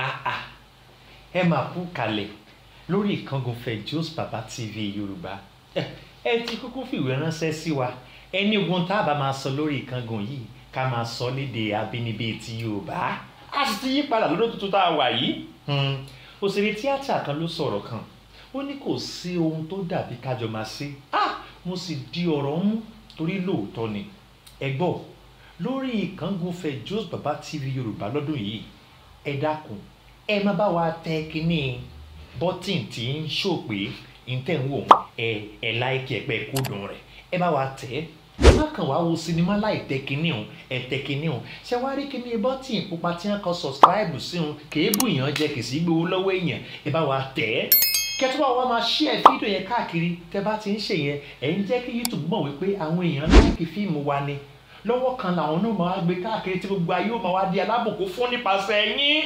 àà ah, ah. ẹ máa kú kalẹ̀ lórí ìkángun Fejosbaba baba tv yorùbá ẹ ti kúkú fìwé ránṣẹ́ sí wa ẹni ogun tá a bá máa sọ lórí ìkángun yìí ká máa sọ léde abínibí ti yorùbá a sì ti yí padà lọ́dún tuntun tá a wà yìí hmm. òṣèré tíátà kan ló sọ̀rọ̀ kan ó ní kò sí ohun tó dàbí kájọ máa ṣe ah mo sì di ọ̀rọ̀ mú torí lóòótọ́ ni ẹ gbọ́ lórí ìkángun Fejosbaba tv yorùbá lọ́dún yìí ẹ dákun ẹ má bá wa tẹ kínní bọ́tìn tí ń ṣò pé ìtẹ̀ ń wò ẹ ẹ láìkí ẹ̀pẹ́ kódùn rẹ̀ ẹ bá wa tẹ̀ ẹ́ má kàn wá wo sinimá láì tẹ kínní o ẹ tẹ kínní o ṣé wàá rí kínní bọ́tìn pupa tí wọ́n kọ sọ̀sìpáìbù sí o kéébù yàn jẹ kìsì gbowó lọ́wọ́ èèyàn ẹ bá wa tẹ̀ ẹ́ kẹtùbà wa máa ṣí ẹ fídíò yẹn káàkiri tẹ bá ti ń ṣe yẹn ẹ ń jẹ́ kí YouTube mọ̀ wípé àwọn èèyàn láìkí fíìmù wa ni lọ́wọ́ kan làwọn náà máa gbé káàkiri tí gbogbo ayé ó máa wá di alábòkú fún nípasẹ̀ yín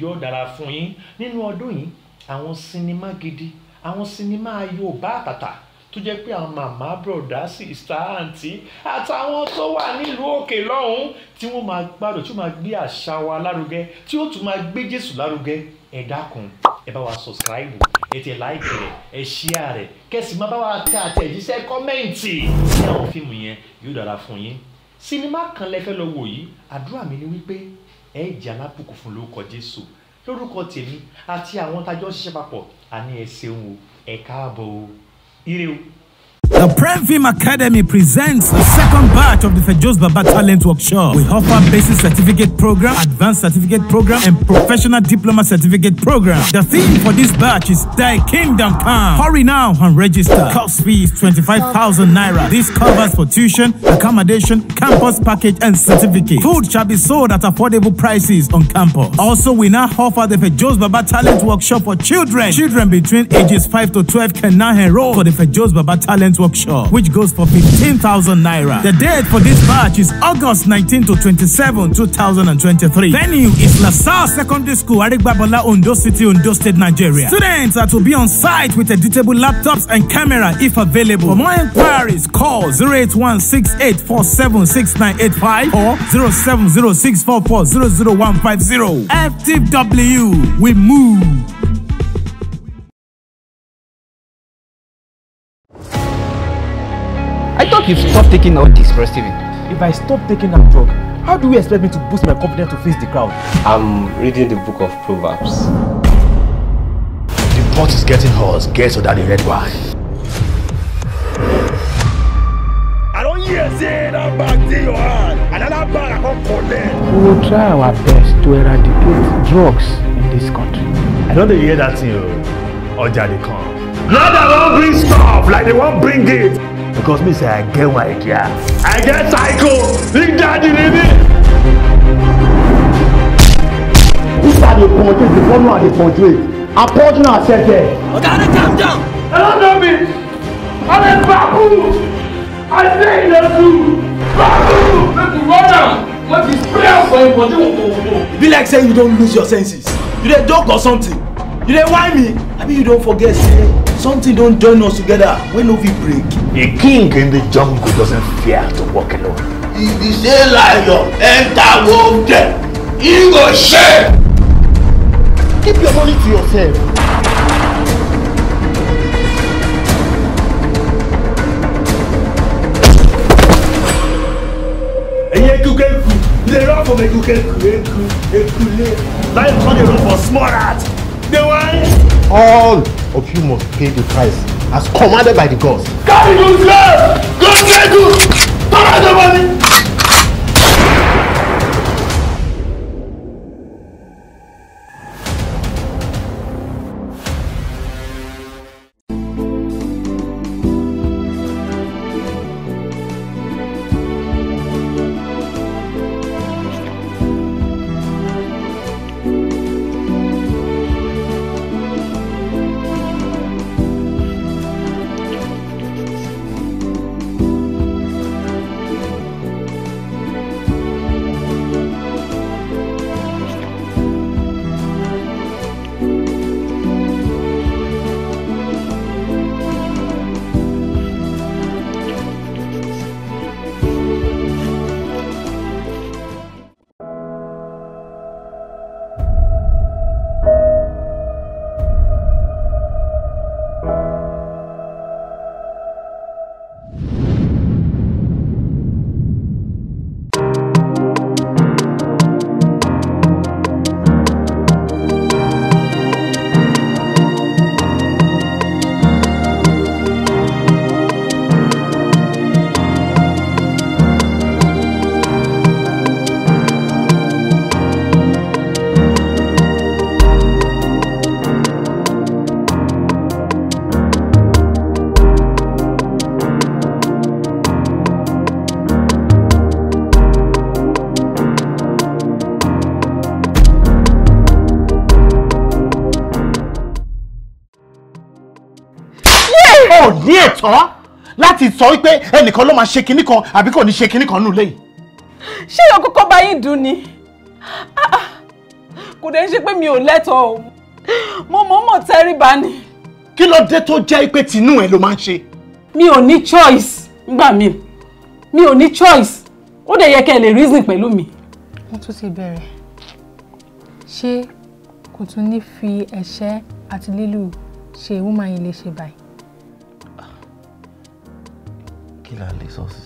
yóò dára fún yín nínú ọdún yìí àwọn sinimá gidi àwọn sinimá Yorùbá àtàtà tó jẹ́ pé àwọn màmá bùrọ̀dá sìsá àǹtí àtàwọn tó wà nílùú òkè lọ́hùn tí wọ́n máa gbádùn tí wọ́n máa gbé àṣà wa lárugẹ tí ó tún máa gbé Jésù lárugẹ ẹ dákun ẹ bá wa sọ̀sìkíráìbù ẹ tẹ láìkì rẹ ẹ ṣíà rẹ kẹsì máa bá wa tẹ àtẹ̀jíṣẹ́ kọ́mẹ́ǹtì sí àwọn fíìmù yẹn yóò dára fún yín sinimá kan lẹ́fẹ́ lọ wò yìí àdúrà mi ni wípé ẹ jẹ́ alábùkún fún lórúkọ Jésù lórúkọ tèmi àti àwọn tájọ́ ṣiṣẹ́ papọ̀ àní ẹ ṣeun o ẹ káàbọ̀ o ire o. The Previm Academy presents the second batch of the Fejos Baba Talent Workshop. We offer basic certificate program, advanced certificate program, and professional diploma certificate program. The theme for this batch is Thy Kingdom Come. Hurry now and register. Cost fee is 25,000 Naira. This covers for tuition, accommodation, campus package, and certificate. Food shall be sold at affordable prices on campus. Also, we now offer the Fejos Baba Talent Workshop for children. Children between ages 5 to 12 can now enroll for the Fejos Baba Talent workshop, which goes for 15,000 naira. The date for this batch is August 19 to 27, 2023. Venue is LaSalle Secondary School, Arigbabala, Ondo City, Ondo State, Nigeria. Students are to be on site with editable laptops and camera if available. For more inquiries, call 08168476985 or 07064400150. FTW, we move. you stop taking all this, Bro Steven? If I stop taking that drug, how do you expect me to boost my confidence to face the crowd? I'm reading the book of Proverbs. The pot is getting hot. Guess what? the red wine. I don't hear that bag in your hand. Ah. Another bag I can't collect. We will try our best to eradicate drugs in this country. I don't hear that thing, Oja, they come. Not that won't bring stuff like they won't bring it because me say I get one idea. I get psycho. Big daddy ni mi. This are the punches, the formula and the portrait. I'm punching ourselves there. Ogana, calm down. Hello, Nabi. I'm a Baku. I say in the zoo. Baku. Make me run down. What is prayer for him, but you Be like say you don't lose your senses. You dey joke or something. You don't whine me. I mean you don't forget, say. Something don't join us together. We no fit break. A king in the jungle doesn't fear to walk alone. If the same lion enter wolf den, he go shame. Keep your money to yourself. Ẹyẹ kúkẹ́ kú, they run from a kúkẹ́ kú, eku, ekule. Life come dey run for small rat. They wan all of you must pay the price as commanded by the gods. kábíyèsí lẹ́ẹ̀ ló ń ṣe é kó ṣe é kú tọ́lá ìjọba ni. sọ wípé ẹnìkan ló máa ṣe kinní kan àbí kò ní ṣe kinní kan nù léyìí. ṣé ìyá kókó bá yín dùn ni kò dé ṣe pé mi ò lẹ́tọ̀ọ́ o mo mọ̀ mọ̀ tẹríba ni. kí ló dé tó jẹ́ pé tinú ẹ ló máa ń ṣe. mi ò ní choice ngbà mi mi ò ní choice ó dẹ̀ yẹ kẹ́ ẹ lè reason pẹ̀lú mi. wọ́n tún ti bẹ̀rẹ̀ ṣé kò tún ní fi ẹ̀ṣẹ́ àti lílù ṣe woman yìí lè ṣe báyìí. kí la lè sọ sí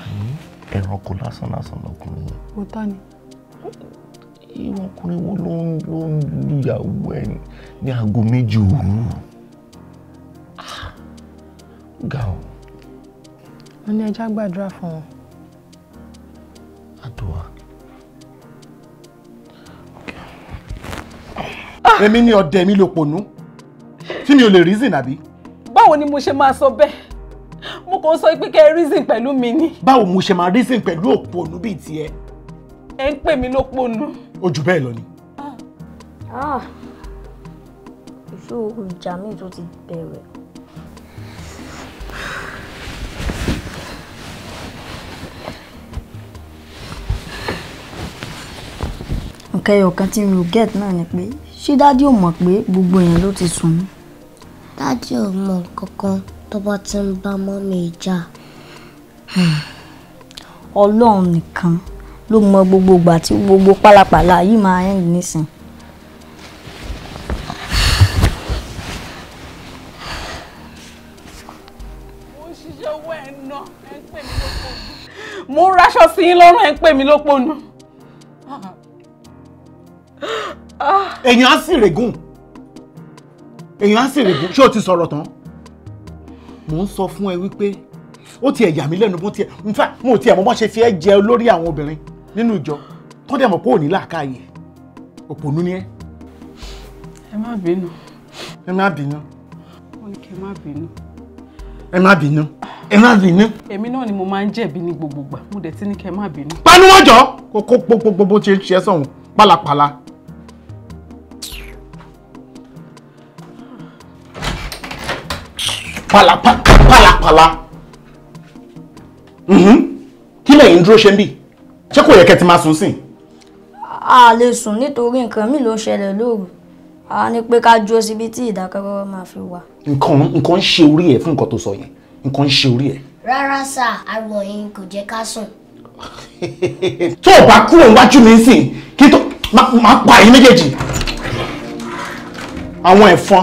àní ẹranko lásán lásán lọkùnrin yẹn. mo tán ni. irú ọkùnrin wo ló ń ló ń lu ìyàwó ẹ ní aago méjì òru ah, ga o. wọ́n ní ẹja gbàdúrà fún wọn. àdúrà. èmi ni ọ̀dẹ̀ mi lò pọ̀nú tí mi ò lè reason àbí báwo ni mo ṣe máa sọ bẹ́ẹ̀ mo kàn sọ pé kẹ́ ẹ reason pẹ̀lú mi ni. báwo mo ṣe máa reason pẹ̀lú òpònú bíi tiẹ̀. ẹ ń pè mí lópònú. ó jù bẹ́ẹ̀ lọ ni. Ah, ìṣòro ìjà míì tó ti bẹ̀rẹ̀. nǹkan kan tí mi ò get náà ni pé ṣé dádì ò mọ̀ pé gbogbo èèyàn ló ti sùn mí. Daddy ò mọ nǹkan kan tó bá ti ń bá mọ́mì jà. Ọlọ́run nìkan ló mọ gbogbo ìgbà tí gbogbo pálapàla yìí máa ń nísìn. mo ń raṣọ sí yín lọ́rùn ẹ̀ ń pè mí lóponu. èèyàn á sì règùn èèyàn á sì rè bú ṣé o ti sọ̀rọ̀ tán mò ń sọ fún ẹ wípé ó tiẹ̀ yà mí lẹ́nu bó tiẹ̀ in fact mo tiẹ̀ mo bá ṣe fi ẹ́ jẹ olórí àwọn obìnrin nínú ìjọ tó dẹ̀ mọ̀ pé ò ní làákàyè òpònú ni ẹ́. ẹ má bínú. ẹ má bínú. ó ní kí ẹ má bínú. ẹ má bínú. ẹ má bínú. èmi náà ni mo máa ń jẹ̀bi ní gbogbo gbà mo dẹ̀ ti ní kí ẹ má bínú. panuwọ́jọ́ kó kó gbogbo bó ṣe ń ṣe sọ̀hún pálapàla pàlàpàlà kí lẹ̀yin dúró ṣe ń bì ṣé kò yẹ kẹ́ ti máa sùn sìn. a lè sùn nítorí nǹkan mi ló ṣẹlẹ̀ lóru a ní pé ká jó síbi tí ìdákẹ́rọ́rọ́ máa fi wà. nǹkan nǹkan ń ṣe orí ẹ fún nǹkan tó sọ yẹn nǹkan ń ṣe orí ẹ. rárá sà ariwo yín kò jẹ́ ká sùn. tó o bá kúrò níwájú mi sìn kí tó máa pa ẹ̀yin méjèèjì àwọn ẹ̀fọn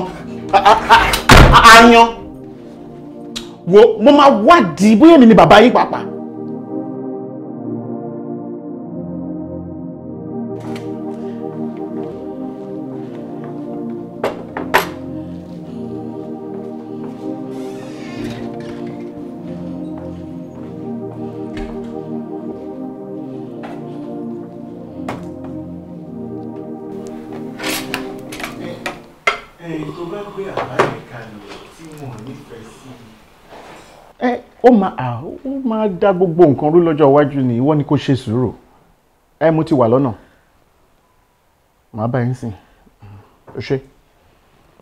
ayan wo mo máa wádìí bóyá mi ni bàbá yín pàápàá ó máa ó máa dá gbogbo nǹkan rú lọ́jọ́ iwájú ni ìwọ ni kò ṣe sùúrù ẹ mo ti wà lọ́nà màá bá yín sìn ó ṣe.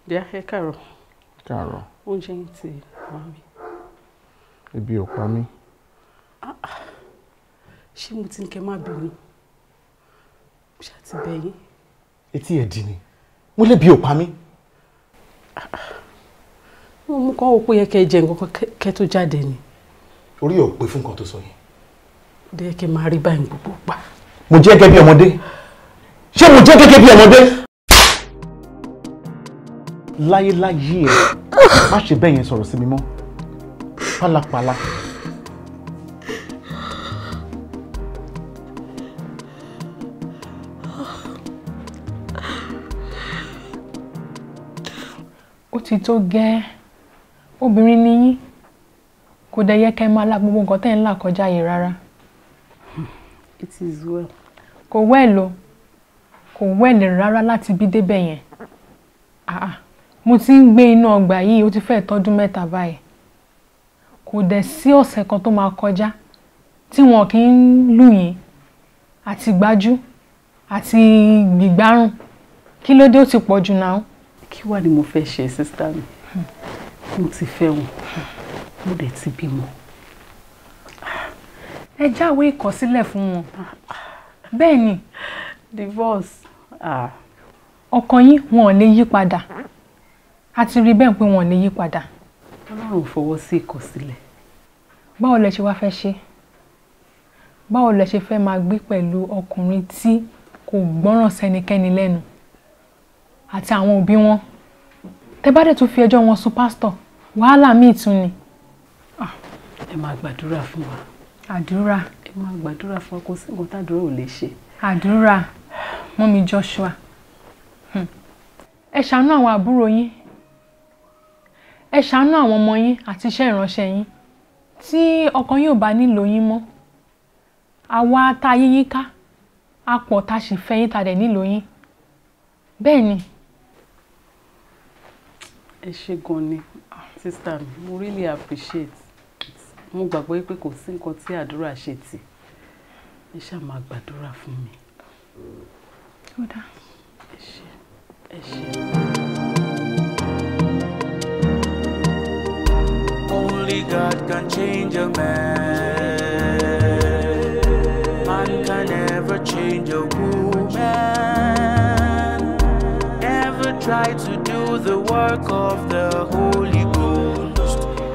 díẹ̀ ẹ káàárọ̀. káàárọ̀. oúnjẹ yín ti wá mi. ebi ò pa mí. Ah, ah. ṣé mo ti ń kẹ́ máa bínú ṣé àti bẹ́ẹ̀ yín. etí ẹ̀ dì ni mo lè bí ò pa mí ah, mo mú kán wò pé yẹ kẹ́ jẹ nǹkan kẹ́ tó jáde ni orí ò pé fún nǹkan tó sọ yẹn. dé kí n máa rí báyìí gbogbo pa. mo jẹ́ gẹ́gẹ́ bí ọmọdé ṣé mo jẹ́ gẹ́gẹ́ bí ọmọdé. láyéláyé ẹ má ṣe bẹ́ẹ̀ yẹn sọ̀rọ̀ sí mi mọ́ pálapàla. ó ti tó gẹ́ẹ́ obìnrin ni yín kò dẹ̀ yẹ kẹ́ ẹ máa la gbogbo nǹkan tẹ́ ń là kọjá yìí rárá. it is well. kò wẹ́ẹ̀lì o kò wẹ́ẹ̀lì rárá láti bí débẹ̀ yẹn ah, mo ti ń gbé inú ọgbà yìí ó ti fẹ́ẹ̀ tọ́dún mẹ́ta báyìí kò dẹ̀ sí ọ̀sẹ̀ kan tó máa kọjá tí wọn kì í lù yín àti gbájú àti gbìgbárùn kí ló dé ó ti pọ̀ jù náà. kí wàá ni mo fẹ́ ṣe sísá mi mo ti fẹ́ wọn. Hmm mo dẹ̀ ti bímọ. ẹ jáwé ìkọsílẹ̀ fún wọn bẹ́ẹ̀ ni divorce ọkàn yín wọn ò lè yí padà a ti rí bẹ́ẹ̀ pé wọn ò lè yí padà. ọlọ́run fọwọ́ sí ìkọsílẹ̀. báwo lẹ ṣe wá fẹ́ ṣe báwo lẹ ṣe fẹ́ máa gbé pẹ̀lú ọkùnrin tí kò gbọ́ràn sẹ́nikẹ́ni lẹ́nu àti àwọn òbí wọn tẹ bá dẹ̀ tún fi ẹjọ́ wọn sùn pásítọ̀ wàhálà míì tún ni ẹ máa gbàdúrà fún wa. àdúrà. ẹ máa gbàdúrà fún wa kò sí nǹkan tàdúrà ò lè ṣe. àdúrà mọ́mi Joshua hmm. ẹ ṣàánú àwọn àbúrò yín ẹ ṣàánú àwọn ọmọ yín àti iṣẹ́ ìránṣẹ́ yín tí ọkàn yóò bá nílò yín mọ́ àwa tá a yí yín ká a pọ̀ tá sì fẹ́ yín tá a nílò yín bẹ́ẹ̀ ni. ẹ ṣé gan ni sista mi mo really appreciate mo gbàgbọ́ pé kò sí nǹkan tí àdúrà ṣe tì ẹ ṣáà máa gbàdúrà fún mi. Only God can change a man. Man can never change a woman. Never try to do the work of the Holy.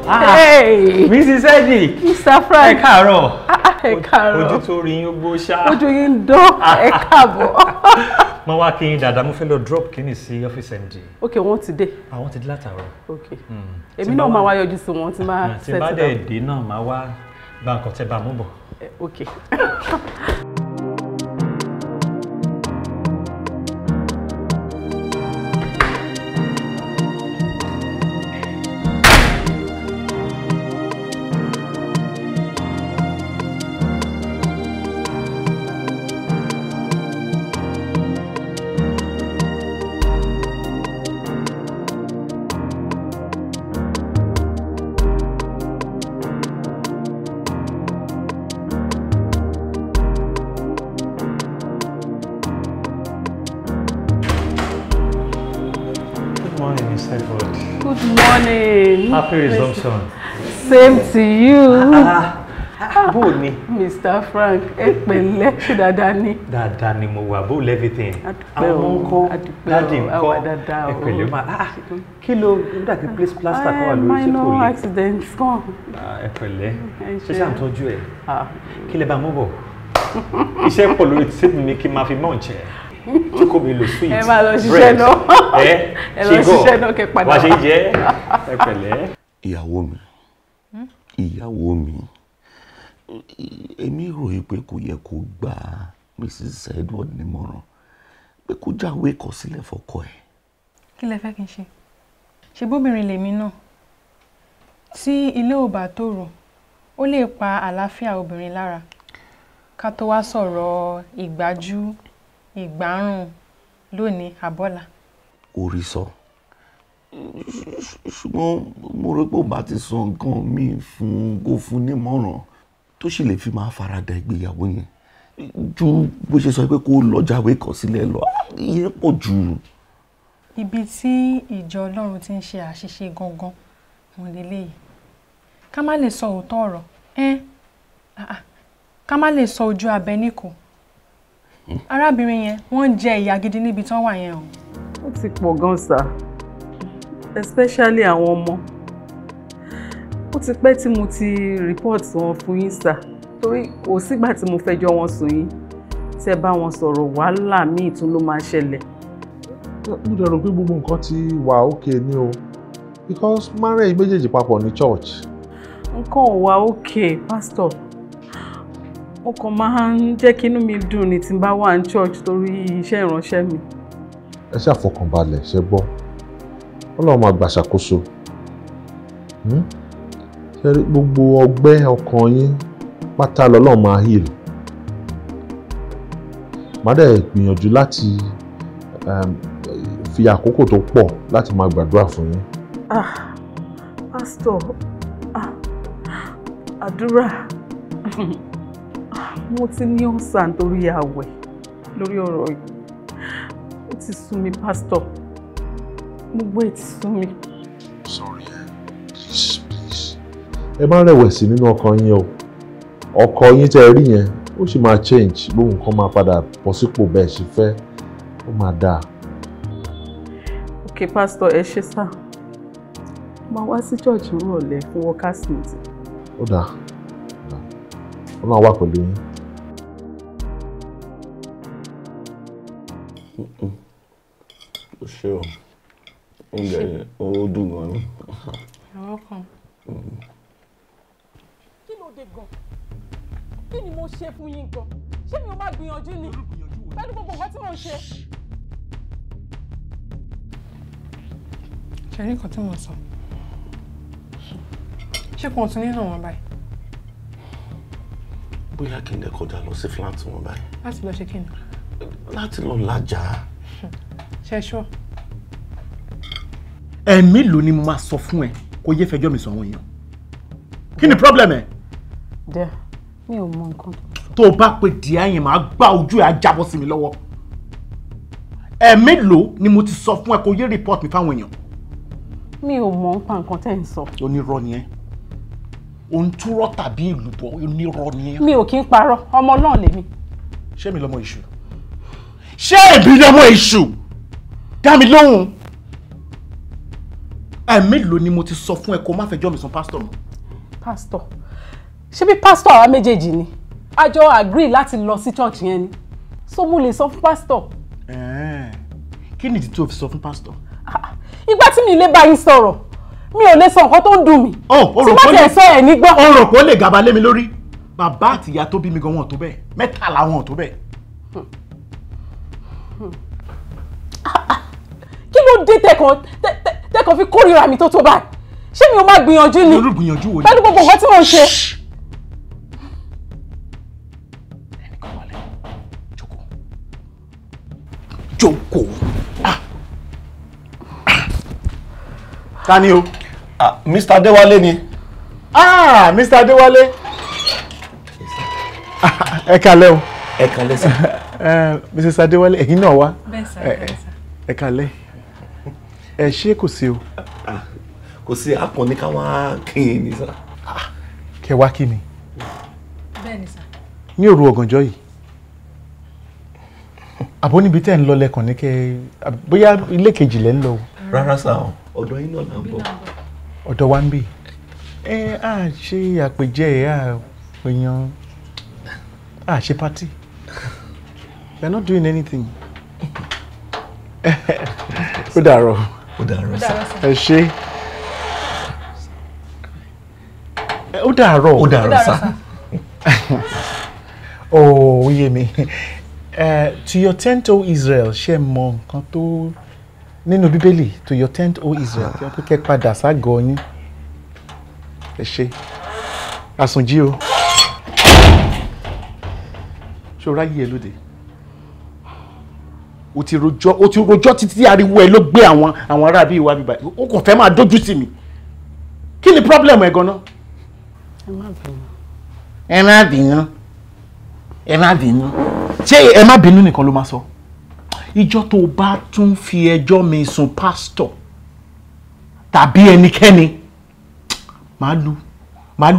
Mrs. Eddie. Mr. Frank. Ẹ káàárọ̀. Ah, ah, ẹ káàárọ̀. Ojú tó rí yín ó gbó ṣá. Ojú yín ń dán. Ah, ẹ káàbọ̀. Mo wá kí n dàda mo fẹ́ lọ drop kíní sí ọ́fíìsì MD. Ok, wọ́n ti dé. Àwọn ti dé látàárọ̀. Ok. Hmm. Èmi náà máa wá yọjú sí wọn tí máa ṣẹ́tì náà. Tí bá dẹ̀ dé náà máa wá gba bá mú bọ̀. Eh, ok. happy resumption. same to you. Ah, ah, bó ni? Mr. Frank ẹ pẹ̀lẹ́ ṣe dáadáa ni. dáadáa ni mo wà bó o lẹ́fìtìn. àwọn ọmọ ńkọ́ dáàdì ńkọ́ ẹ pẹ̀lẹ́ ma ah, kí ló ń dàbí place plaster kan wà lórí tí kò lè. minor accident kan. ẹ pẹ̀lẹ́ ṣe ṣàǹtọ́jú ẹ̀ kí lè bá mú bọ̀ iṣẹ́ pọ̀ lórí tí mi kí n máa fi mọ̀ jẹ́ tí kò mi lò sweet bread ẹ ṣe gọ̀ wá ṣe jẹ́ ẹ pẹ̀lẹ́ ìyàwó mi hmm? ìyàwó mi èmi rò yìí pé kò yẹ kó gba Mrs. Edward nímọ̀ràn pé kó jáwé ìkọ̀sílẹ̀ fọ́kọ ẹ̀. kí lẹ fẹ́ kí n ṣe ṣe bóbìnrin lèmi náà tí ilé ò bá tòrò ó lè pa àlàáfíà obìnrin lára ká tó wá sọ̀rọ̀ ìgbájú ìgbárùn lónìí àbọ́là. orí sọ. So ṣùgbọ́n mo rò pé ó bá ti sọ nǹkan mi fún kó fún nímọ̀ràn tó sì lè fi máa farada ìgbéyàwó yẹn ju bó ṣe sọ pé kó lọ́jà wékọ̀ sílẹ̀ lọ ìyẹn pọ̀ jù. ibi tí ìjọ ọlọ́run ti ń ṣe àṣìṣe gangan mo lè léyìí ká má lè sọ òótọ́ ọ̀rọ̀ ká má lè sọ ojú abẹ níkò hmm. arábìnrin yẹn wọ́n ń jẹ ìyà gidi níbi tán wà yẹn o. ó ti pọ̀ gan-an sáà especially àwọn ọmọ ó ti pẹ́ tí mo ti report wọn fún yín sà torí kò sígbà tí mo fẹjọ́ wọn sùn yín tẹ́ bá wọn sọ̀rọ̀ wàhálà míì tún ló máa ṣẹlẹ̀. mo dẹ̀ rò pé gbogbo nǹkan ti wà òkè ni o because marriage méjèèjì papọ̀ ní church. nǹkan ò wà òkè pastor mo kàn máa ń jẹ́ kí inú mi dùn ní tí n bá wà ní church torí iṣẹ́ ìránṣẹ́ mi. ẹ ṣàfọkànbalẹ̀ ṣe gbọ́ ọlọ́run máa gbàṣàkóso hmm? ṣẹ́rí gbogbo ọgbẹ́ ọkàn yín pátá lọ́lọ́run máa heal màá dẹ̀ gbìyànjú láti um, fi àkókò tó pọ̀ láti máa gbàdúrà fún yín. ah pásítọ̀ ah àdúrà mo ti ní ọ̀sán torí àwẹ̀ lórí ọ̀rọ̀ yìí ó ti sú mi pásítọ̀ gbogbo ètì sorry please please. ẹ má rẹ̀wẹ̀sì nínú ọkàn yín o ọkọ yín tẹ́ ẹ rí yẹn ó sì máa change gbogbo nǹkan máa padà bọ̀ sípò bẹ́ẹ̀ ṣe fẹ́ ó máa dáa. Okay, pastor ẹ ṣe sá máa wá church role. fún workers meeting. ó dáa ó máa wà pẹ̀lú yín. Mm-mm. For sure oúnjẹ yẹn ó dùn gan ni. àwọn kan. kí ló dé gan kí ni mo ṣe fún yín gan ṣé mi ò máa gbìyànjú ni pẹ̀lú gbogbo nǹkan tí mò ń ṣe. ṣe ní nǹkan tí mo sọ ṣé kò tún nínú wọn báyìí. bóyá kí n lè kọjá lọ sí fúláàtì ẹ̀mí ló ni mo máa sọ fún ẹ kó yé fẹjọ́ mi sọ àwọn èèyàn kí ni problem ẹ. dẹ mi ò mọ nǹkan tó. tó o bá pe díẹ̀ yẹn máa gbá ojú ẹ̀ á sí mi lọ́wọ́ ẹ̀mí ló ni mo ti sọ fún ẹ kó yé report mi fáwọn èèyàn. mi ò mọ nípa nǹkan tẹ́ ń sọ. onírọ́ ni ẹ òǹtúrọ́ tàbí ìlùbọ̀ onírọ́ ni ẹ. mi ò kí ń parọ́ ọmọ náà lèmi. ṣé mi lọmọ èṣù ṣé èmi lọmọ èṣù dá mi lóhùn ẹ̀mélòó ni mo ti sọ fún ẹ kó má fẹjọ́ mi sùn pásítọ̀ mọ́. pásítọ̀ ṣé bí pásítọ̀ àwa méjèèjì ni a jọ agree láti lọ sí church yẹn ni so mo lè sọ fún pásítọ̀. kí ni ìdí tó fi sọ fún pásítọ̀. Ah, ìgbà tí mi lè bá yín sọ̀rọ̀ mi ò lè sọ nǹkan tó ń dùn mí. Oh, tí bá tẹ̀ sọ ẹ̀ nígbà. o rò pé ó lè gàba lé mi lórí bàbá àti ìyá tó bí mi gan wọn tó bẹ́ẹ̀ mẹ́tàlá wọn tó bẹ́ẹ̀. Hmm. Ah, ah. kí ló dé tẹ̀kàn tẹ́kọ̀ọ́ fi kórìíra mi tó tó báyìí ṣé mi ò máa gbìyànjú ni pẹ̀lú gbogbo nǹkan tí mò ń ṣe. jókòó. Ah. Ah. ta ni o. Ah, Mr. Adéwálé ni. Ah, Mr. Adéwálé. Ẹ kálẹ́ o. Ẹ kálẹ́ sir. Mrs. Eh, Adéwálé, ẹ̀yin náà wá. Bẹ́ẹ̀ sá, eh, bẹ́ẹ̀ sá. Ẹ kálẹ́. ẹ ṣé kò sí o. Ah, kò sí akàn ní ká wá ah, kí n ní kí N'i bẹ́ẹ̀ni sá. ní òru ọ̀gànjọ́ yìí àbó níbi tẹ́ ń lọ lẹ́kàn ní kẹ́ bóyá ilé kejì lẹ́ ń lọ. rárá yín náà là ń wa ń bì ẹ á ṣe àpèjẹ ẹ á pèyàn á ṣe pátì we are not doing anything. ó dàrọ̀. ó dàárọ̀ sá. ẹ ṣe ó dàárọ̀ ó dàárọ̀ sá. ó yé mi to your tent o Israel ṣe mọ nǹkan tó nínú bíbélì to your tent o Israel tí wọ́n pé kẹ́ padà ságọ̀ yín ẹ ṣe àsùnjí o ṣòro ayé ẹ lóde o ti rojọ́ o ti rojọ́ títí ariwo ẹ ló gbé àwọn àwọn ará bíi bíbá o kò fẹ́ máa dójú sí mi kí ni problem ẹ gan-an. ẹ má bínú. ẹ má bínú ẹ má bínú. ṣé ẹ má bínú nìkan ló máa sọ ìjọ́ tó o bá tún fi ẹjọ́ mi sùn pásítọ̀ tàbí ẹnikẹ́ni màá lu màá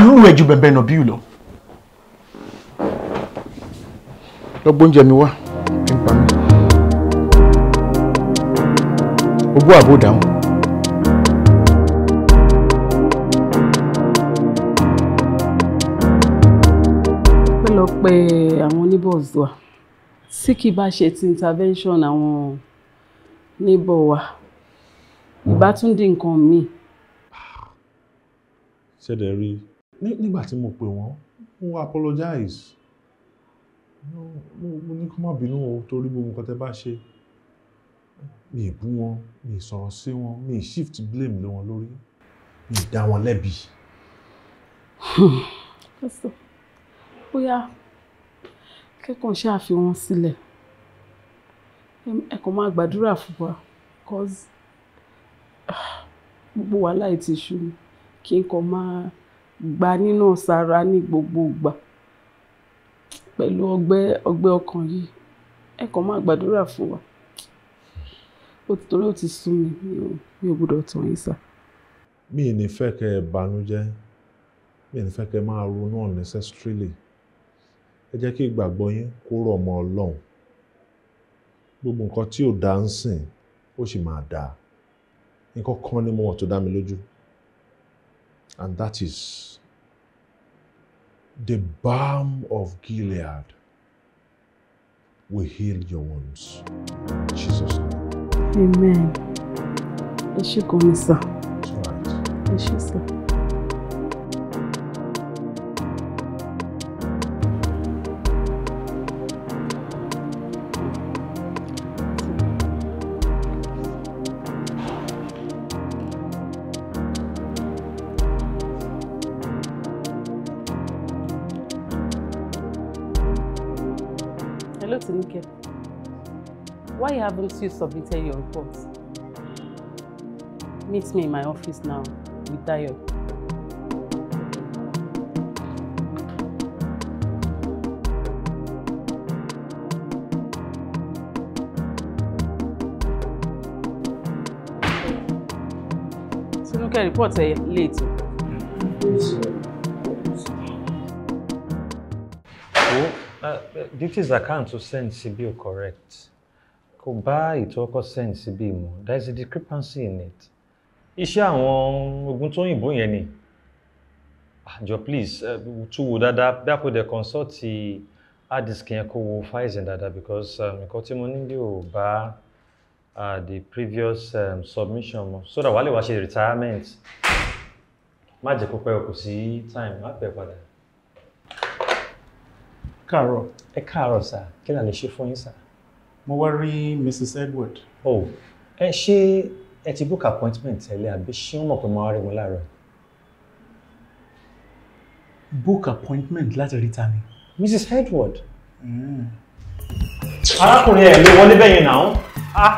bẹ̀bẹ̀ nà bí lọ. lọ gbóúnjẹ mi wá gbogbo àbò dáhùn. pẹlọpẹ àwọn neighbors wa tí kì bá ṣe ti intervention àwọn neighbor wa ìbá tún di nǹkan míì. ṣẹlẹ̀ rí nígbà tí mo pè wọ́n mo apologize mo ní kó má bínú o torí gbogbo nǹkan tẹ́ bá ṣe mi ì bú wọn mi sọ̀rọ̀ sí wọn mi shift blame lé wọn lórí mi ì dá wọn lẹ́bi. pásítọ̀ bóyá kẹ́kọ̀ọ́ ṣáà fi wọn sílẹ̀ ẹ kàn máa gbàdúrà fún wa cause gbogbo wàhálà ètò ìṣúná kí n kàn máa gbà nínú sára ní gbogbo ìgbà pẹ̀lú ọgbẹ́ ọgbẹ́ ọkàn yìí ẹ máa gbàdúrà fún wa ó ti torí ó ti sún mi mi ò gbọ́dọ̀ tàn yín sà. mi ì ní fẹ́ kẹ́ ẹ banújẹ́ mi ì ní fẹ́ kẹ́ ẹ máa ronú unnecessarily ẹ jẹ́ kí ìgbàgbọ́ yín kó rọ̀ mọ́ ọlọ́run gbogbo nǹkan tí ò dá ń sìn ó sì máa dáa nǹkan kan ni mo wọ̀ tó dá mi lójú and that is the balm of Gilead will heal your wounds Jesus' name. Amen. Ẹ ṣé gan ni sà. Ẹ ṣé haven't you submitted your report? Meet me in my office now with look, Sunuke report ẹ eh, late. Oh, uh, this is can to send CBO correct. kò bá ètò ọkọ̀ send síbí mu there is a discrepancy in it iṣẹ́ àwọn ogun tó yìnbó yẹn ni àjọ ah, please eh, tún wo dáadáa bí àpò dẹ̀ consult hard disk yẹn kó wo files dáadáa because um, nǹkan tí mo nílò ò bá the previous um, submission mo so that wàá lè wá ṣe retirement má jẹ́ kó pẹ́ o kò sí time má pẹ́ padà. káàárọ̀ ẹ káàárọ̀ sá kí ni a lè ṣe fún yín sá mo wá rí mrs edward. o oh, ẹ ṣé ẹ ti book appointment tẹ́lẹ̀ àbí ṣé wọ́n mọ̀ pé mo wá rí wọn láàárọ̀. book appointment láti rí ta ni. mrs edward. Mm. arákùnrin ẹ̀ ló wọlé bẹ́yẹn náà. ẹ ah!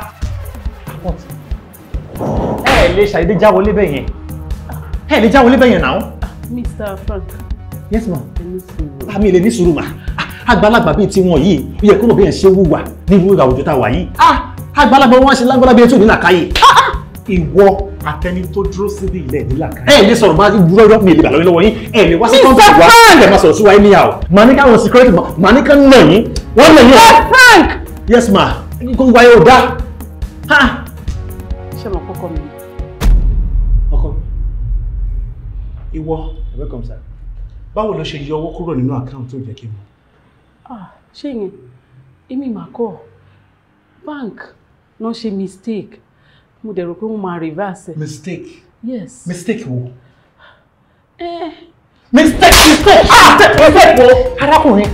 ẹ lè ṣàdédé já wọlé bẹ́yẹn ẹ lè já wọlé bẹ́yẹn náà. mr frank. yes ma. ẹ ní sùúrù. àmì ẹ lè ma àgbàlagbà bíi tiwọn yìí ó yẹ kó mọ̀ bí yẹn ṣe wúwa ní ìwúra àwùjọ tá a wà yìí ah, àgbàlagbà wọn ṣe lágbára bíi ẹni tó ní làkàyè ah, ah. ìwọ àtẹni tó dúró síbi ilẹ̀ ní làkàyè. ẹ lè sọ̀rọ̀ máa dúró rọ́ mi èlé bàlọ́ lọ́wọ́ yín ẹ lè wá sí kọ́ńtà wa ẹ máa sọ̀rọ̀ sí wa anyhow màá ní káwọn security màá ní ká nà yín wọ́n nà yín. Frank. yes ma kó wáyé o dá. ṣé mo kọ́kọ́ mi. ọkọ ìwọ ẹ welcome sir báwo ló ṣe yọ owó kúrò nínú àkáǹtì tó jẹ́ kí n mọ̀ ah ṣé yẹn èmi mà kọ́ bank náà ṣe mistake mo dẹ̀ rò pé wọ́n máa reverse ẹ̀. mistake. yes. mistake wo. Eh. mistake mistake ah mistake wo. arákùnrin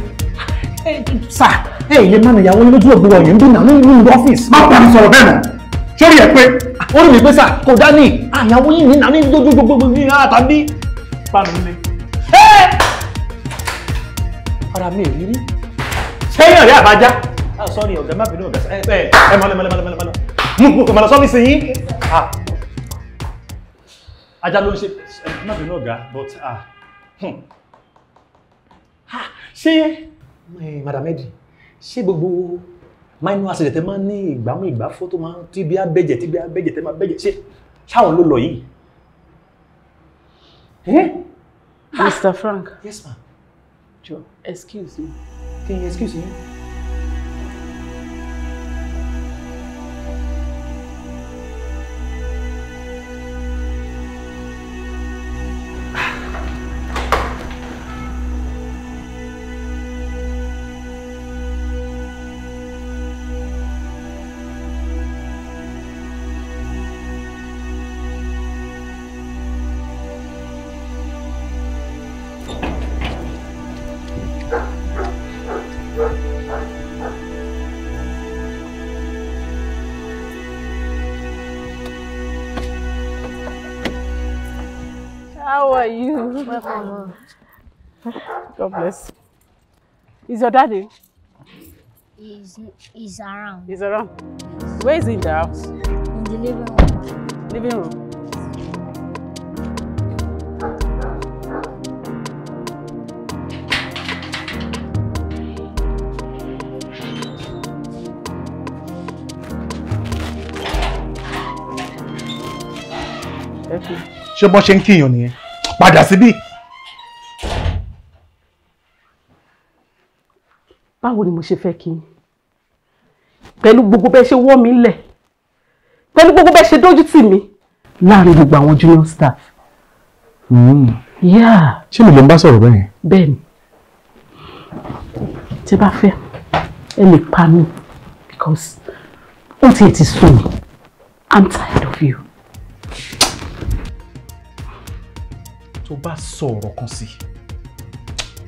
eh, sà ẹ ẹ lè máa ìyàwó lójú ògbó ọ̀yẹ́ ń bí náà nínú ọ́fíìsì. má bàa mi sọ̀rọ̀ bẹ́ẹ̀ náà sórí ẹ̀ pé ó rí mi pé sà kò dání àyàwó yìí nínú ní dójú gbogbo ní àtàbí. pàmì mi. Eh! ara mi ò rí rí sẹ́yìn ọ̀rẹ́ àbájá ah, sọ́ọ̀rì ọ̀gá má bínú ọ̀gá eh, eh, ẹ ẹ ẹ mọ̀lẹ́ mọ̀lẹ́ mọ̀lẹ́ mọ̀lẹ́ mú mú mọ̀lẹ́ sọ́ọ̀rì sí yín ah. ajá ló ń ṣe eh, má bínú ọ̀gá but ah, hmm. ṣé madam edi ṣé gbogbo minor accident tẹ máa ń ní ìgbàmú ìgbàfọ́ tó máa ń tí bí abẹ́jẹ̀ tí bí abẹ́jẹ̀ tẹ máa bẹ́jẹ̀ ṣé ṣáwọn ló lọ yìí. Mr. Frank. Yes, ma'am. Excuse me. Can you excuse me? Welcome. God bless. Is your daddy? He's, he's around. He's around. Where is he in the house? In the living room. Living room. ṣé bọ́n ṣe ń kíyàn nìyẹn padà síbí. báwo ni mo ṣe fẹ́ kí n pẹ̀lú gbogbo bẹ́ẹ̀ ṣe wọ́ mi lẹ̀ pẹ̀lú gbogbo bẹ́ẹ̀ ṣe dójú tì mí láàrin gbogbo àwọn junior staff. Hmm. ṣé mi ló ń bá sọ̀rọ̀ bẹ́ẹ̀. bẹ́ẹ̀ni tí bá fẹ́ ẹ lè pa mí because ó tiẹ̀ ti sùn mi i'm tired of you. tó bá sọ ọ̀rọ̀ kan sí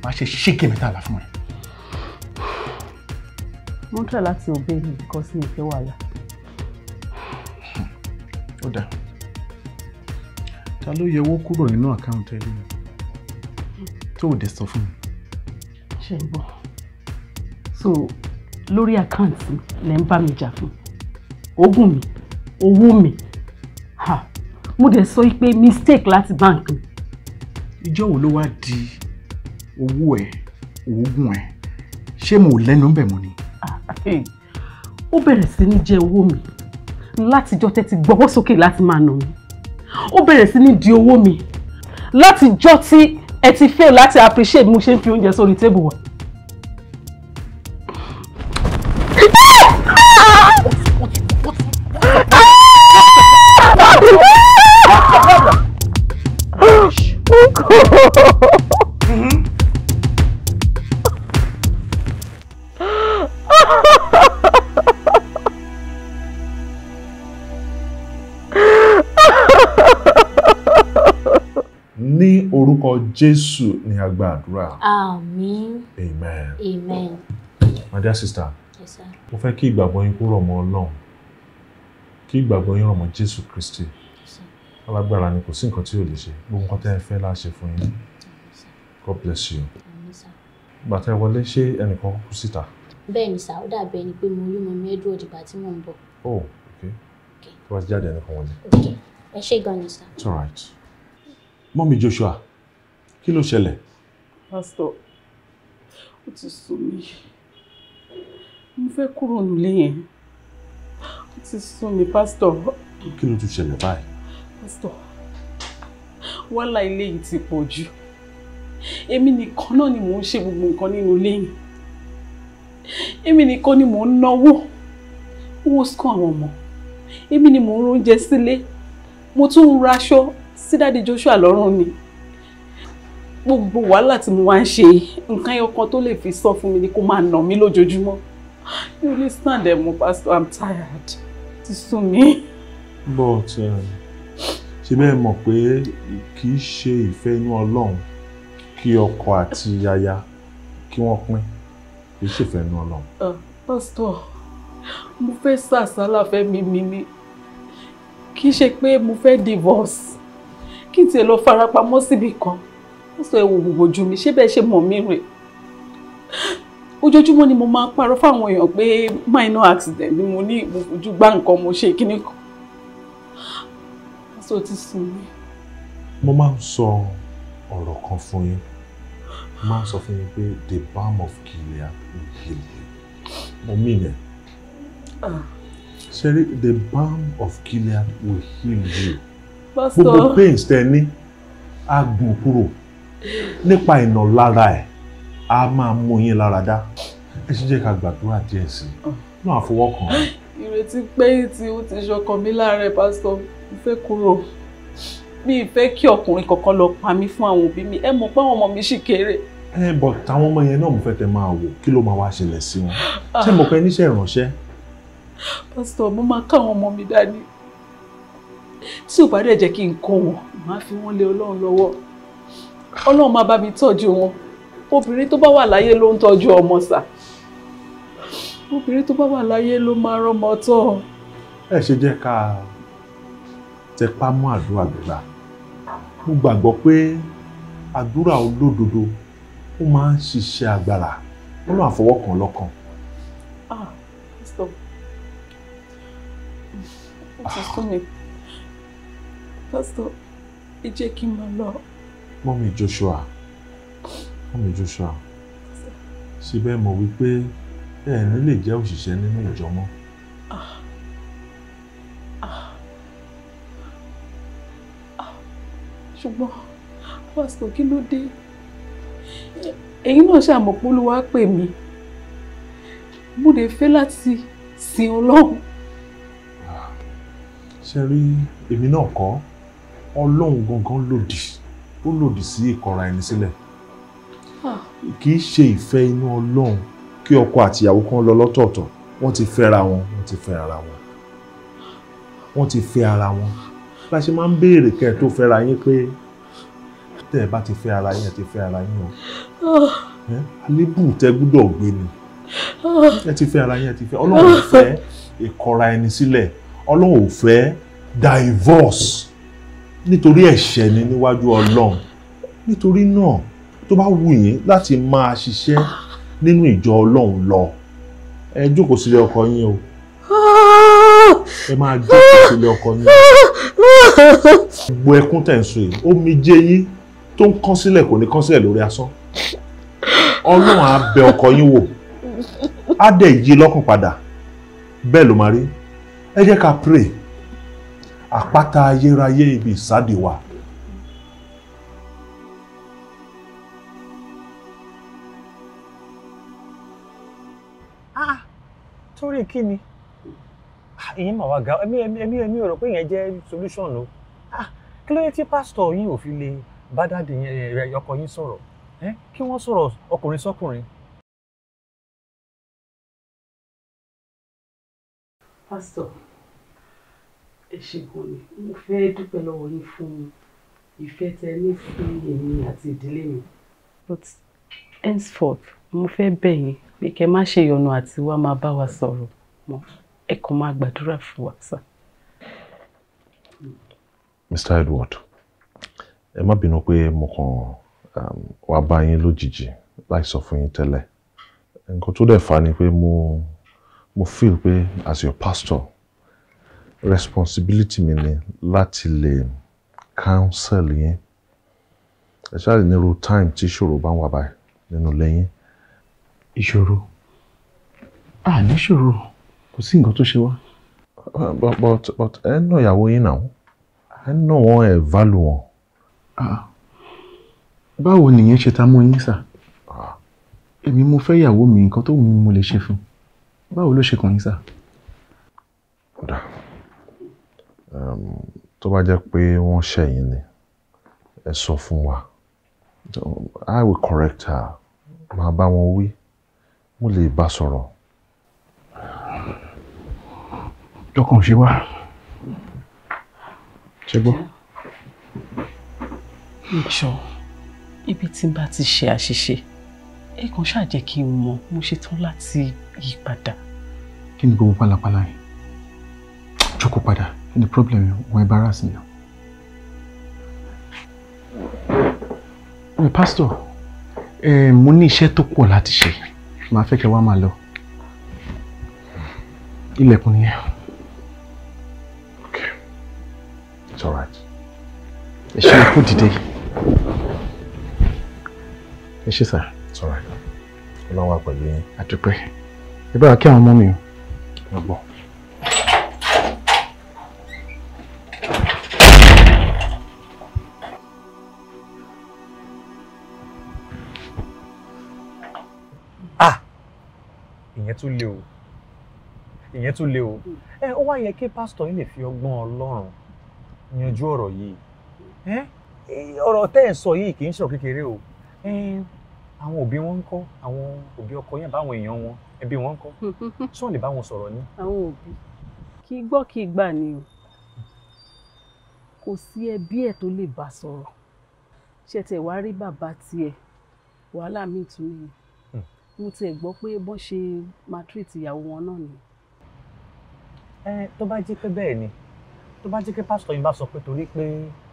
máa ṣe ṣéke mẹ́tàlá fún ẹ. mo ń tẹ̀ láti òbí mi kọ́ sí ìfẹ́ wàhálà. ó dáa ta ló yẹ owó kúrò nínú àkáǹtì ẹ lónìí tó ò dé sọ fún mi. ṣe ń bọ̀ so lórí àkáǹtì lẹ́ ń bá mi jà fún ogún mi owó mi ha mo dẹ̀ sọ pé mistake láti báǹkì mi ìjọ́ wo ló wá di owó ẹ oògùn ẹ ṣé mo lẹ́nu ń bẹ̀ mọ́ ni. ó bẹ̀rẹ̀ sí ní jẹ owó mi látijọ́ tẹ́ ti gbọ́wọ́ sókè láti máa nà mí ó bẹ̀rẹ̀ sí ní di owó mi látijọ́ tí ẹ ti fail láti appreciate mo ṣe ń fi oúnjẹ sórí tébù wa mm-hmm. ní orúkọ Jésù ni a gba àdúrà. Àmín. Amen. Amen. My dear sister. Yes sir. Mo fẹ́ kí ìgbàgbọ́ yín kó rọ̀ mọ́ Ọlọ́run. Kí ìgbàgbọ́ yín rọ̀ mọ́ Jésù Kristi alágbára ni kò sí nǹkan tí yóò lè ṣe gbogbo nǹkan tẹ́ ẹ fẹ́ láṣẹ fún yín God bless you. ìgbà tẹ́ wọlé ṣé ẹnìkan kú síta. bẹ́ẹ̀ ni sá ó dàbí ẹni pé mo rí mo ní Edward ìgbà tí mò ń bọ̀. oh ok tí wọ́n ti jáde ẹnìkan wọlé. ok ẹ ṣe gan ni sá. it's alright. mọ́mí Joshua kí ló ṣẹlẹ̀. pásítọ̀ ó ti sú mi mo fẹ́ kúrò nílé yẹn ó ti sú mi pásítọ̀. kí ló tún ṣẹlẹ̀ báyìí pásítọ̀ wàhálà ilé yìí ti pọ̀ jù èmi nìkan náà ni mò ń ṣe gbogbo nǹkan nínú ilé yìí èmi nìkan ni mò ń náwó owó sùkọ́ àwọn ọmọ èmi ni mò ń róúnjẹ sílé mo tún ń raṣọ sí Joshua lọ́rùn ni gbogbo wàhálà tí mo wá ń ṣe nǹkan ẹyọkan tó lè fi sọ fún mi ni kó máa nà mí lójoojúmọ́ you understand eh, mo pastor i'm tired ti sú mi. but um, ṣé bẹ́ẹ̀ mọ̀ pé kì í ṣe ìfẹ́ inú ọlọ́run kí ọkọ àti aya kí wọ́n pín kì í ṣèfẹ́ inú ọlọ́run. Ah, pásítọ̀ mo fẹ́ sàsálà fẹ́ mi mi ni kì í ṣe pé mo fẹ́ divorce kí n tiẹ̀ lọ farapamọ́ síbi kan wọ́n sọ ẹ̀wò wò ojú mi ṣé bẹ́ẹ̀ ṣe mọ̀ mí rè ojoojúmọ́ ni mo máa parọ́ fáwọn èèyàn pé minor accident ni mo ní ìfojú gbá nǹkan mo ṣe kíní kan so ti sùn mí. mo máa ń sọ ọ̀rọ̀ kan fún yín máa ń sọ fún yín pé the balm of Gilead will heal you mo mean it. Ah. ṣe the balm of Gilead will heal you. gbogbo pains tẹ ní á gbọ́n kúrò nípa ìnàlára ẹ̀ á máa mú yín lára dá ẹ ṣe jẹ́ ká gbàdúrà díẹ̀ sí i náà ah. àfọwọ́kàn. ìrètí pé tí ó ti ṣọkàn mi láàárẹ̀ pásítọ̀ mo fẹ́ kúrò mi ì fẹ́ kí ọkùnrin kankan lọ pa mí fún àwọn òbí mi ẹ mọ̀ pé àwọn ọmọ mi ṣì kéré. ẹ bọ táwọn ọmọ yẹn náà mo fẹ́ tẹ máa wò kí ló máa wá ṣẹlẹ̀ sí wọn ah. ṣé mo pẹ́ níṣẹ́ ìránṣẹ́. pásítọ̀ mo máa káwọn ọmọ mi dání tí ò bá dẹ̀ jẹ́ kí n kọ́ wọn màá fi wọ́n lé ọlọ́run lọ́wọ́ ọlọ́run máa bá mi tọ́jú wọn obìnrin tó bá wà láyé ló ń tọ́jú ọmọ sà obìnrin tó bá wà láyé ló máa rọ́mọ tọ́. ẹ ṣe jẹ́ ká tẹpá mọ́ àdúrà gbígbà mo gbàgbọ́ pé àdúrà olódodo ó máa ń ṣiṣẹ́ agbára nínú àfọwọ́kàn lọ́kàn. ah pásítọ̀ ó ti sún mi pásítọ̀ ẹ jẹ́ kí n máa lọ. mọ́mí Joshua mọ́mí Joshua síbẹ̀ mọ̀ wípé ẹ̀ ní lè jẹ́ òṣìṣẹ́ nínú ìjọ mọ́. ah ṣùgbọ́n pásítọ̀ kí ló dé ẹ̀yin náà ṣàmọ̀ pé olúwa pè mí mo lè fẹ́ láti sin ọlọ́run. ṣe rí èmi náà kọ́ ọlọ́run gangan lòdì ó lòdì sí ìkọ̀ra ẹni sílẹ̀ ah. kì í ṣe ìfẹ́ inú ọlọ́run kí ọkọ àti ìyàwó kan lọ lọ́tọ̀ọ̀tọ̀ wọ́n ti fẹ́ra wọn wọ́n ti fẹ́ ara wọn wọ́n ti fẹ́ ara wọn bá ṣe máa ń béèrè kẹ́ ẹ tó fẹ́ra yín pé tẹ́ ẹ bá ti fẹ́ ara yín ẹ ti fẹ́ ara yín o ah. àlébù tẹ́ gbúdọ̀ gbé ni ah. ẹ ti fẹ́ ara yín ẹ ti fẹ́ ọlọ́run ò fẹ́ ah. ìkọra ẹni sílẹ̀ ọlọ́run ò fẹ́ divorce nítorí ẹ̀ṣẹ̀ ni níwájú ọlọ́run nítorí náà tó bá wù yín láti máa ṣiṣẹ́ nínú ìjọ ọlọ́run lọ ẹ jókòó sílé ọkọ yín o ẹ máa gbé ìpele ah! ọkọ yín gbogbo ẹkún tẹ̀ ń sọ yìí omijé yín tó ń kán sílẹ̀ kò ní kán sílẹ̀ lórí asán ọlọ́run á bẹ ọkọ yín wò á dẹ̀ yí lọ́kàn padà bẹ́ẹ̀ ló máa rí ẹ jẹ́ ká pray àpáta ayérayé ibi ìsádi wa. Ah! torí kí ni ìyẹn mà wá ga èmi èmi èmi ò rò pé ìyẹn jẹ́ solution o ah, kí ló yẹ tí pásítọ̀ yín ò fi lè bá dáàdì rẹ ọkọ yín sọ̀rọ̀ kí wọ́n sọ̀rọ̀ ọkùnrin sọ́kùnrin. pásítọ̀ ẹ ṣé ni mo fẹ́ dúpẹ́ lọ́wọ́ yín fún ìfẹ́ tẹ ní fún èmi àti ìdílé mi. but henceforth mo fẹ́ bẹ̀ pé kẹ́ má ṣe yọnu àti wá máa bá wa sọ̀rọ̀ mọ́ ẹ kàn máa gbàdúrà fún wa sá. Mr. Edward ẹ má bínú pé mo kàn um, wá bá yín lójijì láì sọ fún yín tẹ́lẹ̀ nǹkan tó dẹ̀ fà á ni pé mo mo feel pé as your pastor responsibility mi ni láti lè counsel yín ẹ ṣáà ní time tí ìṣòro bá ń wà báyìí nínú lẹ́yìn. ìṣòro àní ìṣòro kò sí nǹkan tó ṣe wá. Uh, but but but ẹ nà ìyàwó yín náà ẹ nà wọn ẹ válù wọn. Ah. báwo nìyẹn ṣe ta mú yín sà ah. èmi mo fẹ́ ìyàwó mi nǹkan tó wù mí mo lè ṣe fún báwo ló ṣe kàn yín sà. kódà um, tó bá jẹ́ pé wọ́n ṣẹ̀yìn ni ẹ sọ fún wa I will correct her màá bá wọn wí mo lè bá sọ̀rọ̀. lọ́kàn ṣe wá ṣe gbọ́. ìjọ ibi tí n bá ti ṣe àṣìṣe ẹ kàn ṣáà jẹ́ kí n mọ̀ mo ṣetán láti yí padà. kí ni gbogbo pálapàla yìí jókòó padà kí ni problem wọn embarrass me eh, now. ẹ pásítọ̀ ẹ eh, mo ní iṣẹ́ tó pọ̀ láti ṣe màá fẹ́ kẹ́ wá máa lọ ilẹ̀kùn nìyẹn. It's all right. Ẹ ṣe kú dìde. Ẹ ṣe sà. It's all right. Ọlọ́run wà pẹ̀lú yín. Àdúpẹ́. Ẹ bá wa kí àwọn ọmọ mi o. Wọ́n gbọ́. ìyẹn tún le o ìyẹn tún le o ẹ ó wá yẹ kí pásítọ̀ yín yanjú ọ̀rọ̀ yìí ọ̀rọ̀ tẹ́ ẹ̀ ń sọ yìí kì í sọ̀rọ̀ kékeré o àwọn òbí wọn ń kọ́ àwọn òbí ọkọ yẹn báwọn èèyàn wọn ẹbí wọn ń kọ́ ṣé wọn lè bá wọn sọ̀rọ̀ ni. àwọn òbí kì í gbọ́ kì í gbà ni o kò sí ẹbí ẹ̀ tó lè bá sọ̀rọ̀ ṣe tẹ̀ wá rí bàbá tiẹ̀ wàhálà míì tún ni hmm. mo tiẹ̀ gbọ́ pé bọ́n ṣe máa ìyàwó wọn náà ni. ẹ tó bá jẹ́ pé bẹ́ẹ̀ ni tó bá jẹ́ pé pásítọ̀ yín bá sọ pé torí pé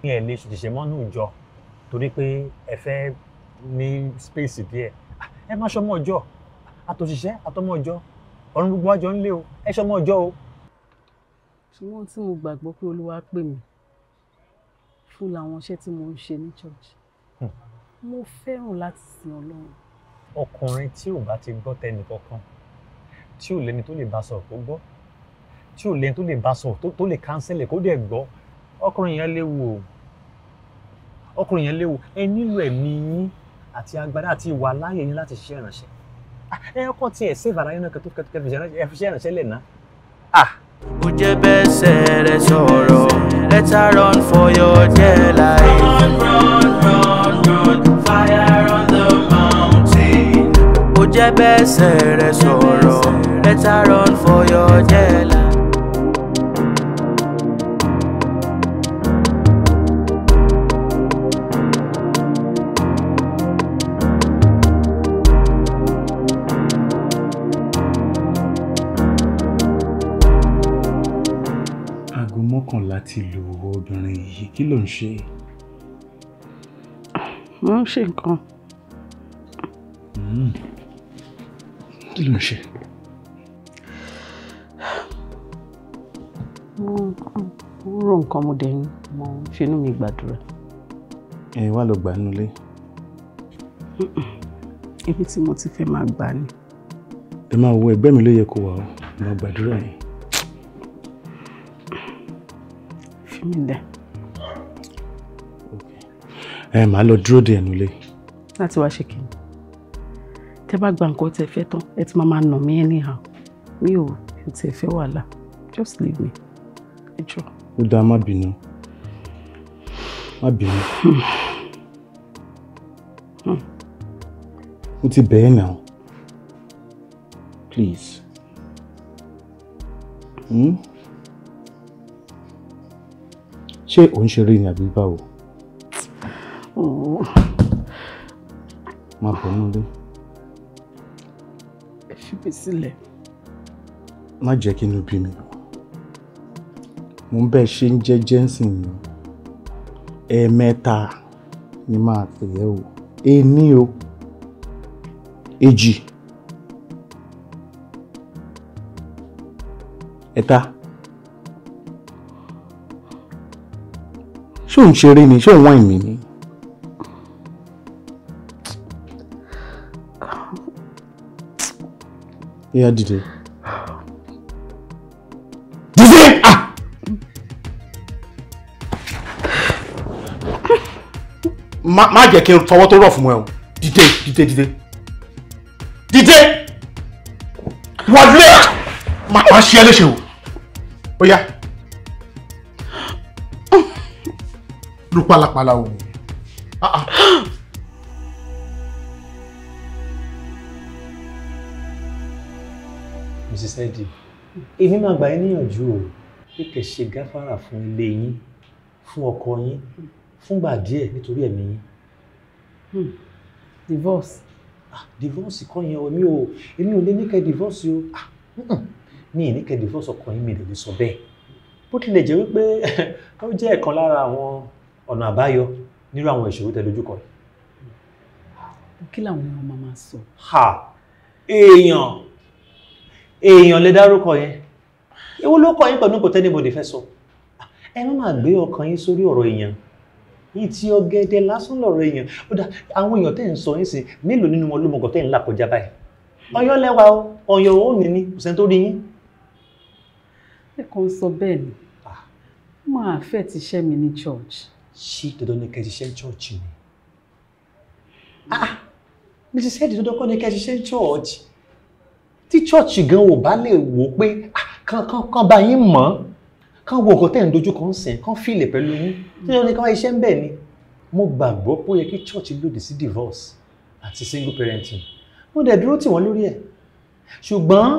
ní ẹ̀ lè ṣiṣẹ́ mọ́nú ìjọ torí pé ẹ fẹ́ ní space díẹ̀ ẹ má ṣọmọ ọjọ́ àtòṣìṣẹ́ àtọmọ ọjọ́ ọ̀run gbogbo àjọ ńlẹ̀ o ẹ ṣọmọ ọjọ́ o. ṣùgbọ́n tí mo gbàgbọ́ pé olúwa pè mí fún làwọn iṣẹ́ tí mo ń ṣe ní church hmm. mo fẹ́ràn láti sin ọlọ́run. ọkùnrin tí ò bá ti gbọ́ tẹnì kankan tí ò lẹ́ni tó lè bá sọ̀rọ̀ tó gbọ́ tí ò lẹ́yìn tó lè bá sọ tó lè kánsẹ́lẹ̀ kó dẹ̀ gbọ́ ọkùnrin yẹn léwu o ọkùnrin yẹn léwu ẹ nílò ẹ̀mí yín àti agbára àti ìwà láàyè yín láti ṣe ìrànṣẹ́ ah, ẹ ọkọ tiẹ̀ sèvà ara yín náà kẹtù kẹtù kẹtù ẹ fi ṣe ìrànṣẹ́ lẹ̀ ná. ó ah. jẹ́ bẹ́sẹ̀ rẹ sọ̀rọ̀ let run for your dear life. run run run run fire on the mountain. ó jẹ́ bẹ́sẹ̀ rẹ sọ̀rọ̀ let run for your dear life. kí ló ń ṣe. mo ń ṣe nǹkan. Hmm. kí ló ń ṣe. mo ń ro nǹkan mo dẹ̀ ń mo finú mi gbàdúrà. ẹ wá lọ gbà nínú ilé. ibi tí mo ti fẹ́ máa gbà ni. ẹ máa wo ẹgbẹ́ mi ló yẹ kó wà ó máa gbàdúrà yìí. fi mi lẹ̀ ẹ máa lọ dúró de ẹnu lé. láti wá ṣe kí ni tẹ bá gba nǹkan tẹ fẹ́ tán ẹ ti máa máa nà mí anyhow mi ò mi tiẹ̀ fẹ́ wàhálà just leave me ẹ jọ. ó dáa má bínú má bínú mo ti bẹ̀ẹ́ náà please. Hmm? ṣé ò ń ṣeré ni àbí báwo. Má bọ̀ nílé. Ẹ fi mi sílẹ̀. Má jẹ́ kí inú bí mi. Mo ń bẹ́ẹ̀ ṣe ń jẹ́ Jensen ni. Ẹ̀ẹ̀mẹ́ta ni máa pè ẹ́ o. Èmi o. Èjì. Ẹ̀ta. Ṣé òun ṣeré ni? Ṣé òun wáìn mi ni? Ìyá dìde. Dìde! Ah! Má jẹ́ kí n fọwọ́ tó rọ̀ fún ẹ o. Dìde dìde dìde. Dìde! Wọlé! Màá ṣe ẹ léṣe o. Ó yá. Lú pálapàla o. sẹ́ẹ̀dì èmi máa gbà yín níyànjú o pé kẹ́ ṣe gáfárà fún ilé yín fún ọkọ yín fúngbà díẹ̀ nítorí ẹ̀mí yín. Hmm. divorce. ah divorce kọ́ yẹn o èmi ò èmi ò lè ní kẹ́ divorce o ah mi ì ní kẹ́ divorce ọkọ yín mi lè lè sọ bẹ́ẹ̀ bó tilẹ̀ jẹ́ wípé ó jẹ́ ẹ̀kan lára àwọn ọ̀nà àbáyọ nírú àwọn ìṣòro tẹ lójúkọ. kí làwọn ọmọ máa sọ. ha èèyàn. E èèyàn lè dárúkọ yẹn ewu ló kọ yín pẹ̀lú kò fẹ́ sọ ẹnu máa gbé ọkàn yí sórí ọ̀rọ̀ èèyàn yìí ti ọ̀gẹ̀dẹ̀ lásán lọ̀rọ̀ èèyàn ó àwọn èèyàn tẹ́ ń sọ yín sí nínú wọn ló tẹ́ ń o ọyọ́ ní ní sẹ́ni tó rí yín. ẹ kò sọ bẹ́ẹ̀ ni máa fẹ́ ah, ah. ti ṣẹ́ ní tí chọ́ọ̀chì gan ò bá lè wò ó pé kankan ah, kan bá yín mọ̀ kán wo nǹkan tẹ̀ ń dojú kan sìn kán fìlẹ̀ pẹ̀lú yín tí wọ́n ní káwọn iṣẹ́ ń bẹ̀ ni mo gbàgbọ́ pé ó yẹ kí chọ́ọ̀chì lòdì sí divorce àti single parenting mo dẹ̀ dúró tì wọ́n lórí ẹ̀ ṣùgbọ́n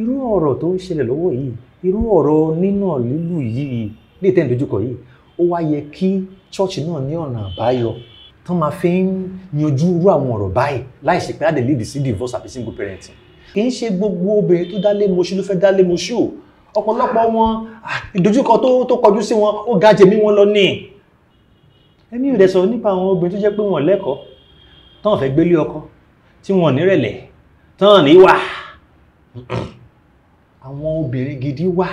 irú ọ̀rọ̀ tó ń ṣẹlẹ̀ lọ́wọ́ yìí irú ọ̀rọ̀ nínà lílù yìí lè tẹ̀ ń dojú kọ yìí ó wá yẹ kí chọ́ọ̀chì náà ní ọ̀nà àbáyọ tó máa fi ń yanjú irú àwọn ọ̀rọ̀ báyìí láì ṣe pé àdè lead sí divorce àbí single parenting kì í ṣe gbogbo obìnrin tó dálé moṣú ló fẹ́ dálé moṣú o ọ̀pọ̀lọpọ̀ wọn ìdojúkọ tó kọjú sí wọn ó ga jẹ̀mí wọn lọ ní. èmi ò dẹ̀ sọ̀rọ̀ nípa àwọn obìnrin tó jẹ́ pé wọn lẹ́kọ̀ọ́ tán fẹ́ gbélé ọkọ tí wọn nírẹ̀lẹ̀ tán níwà àwọn obìnrin gidi wà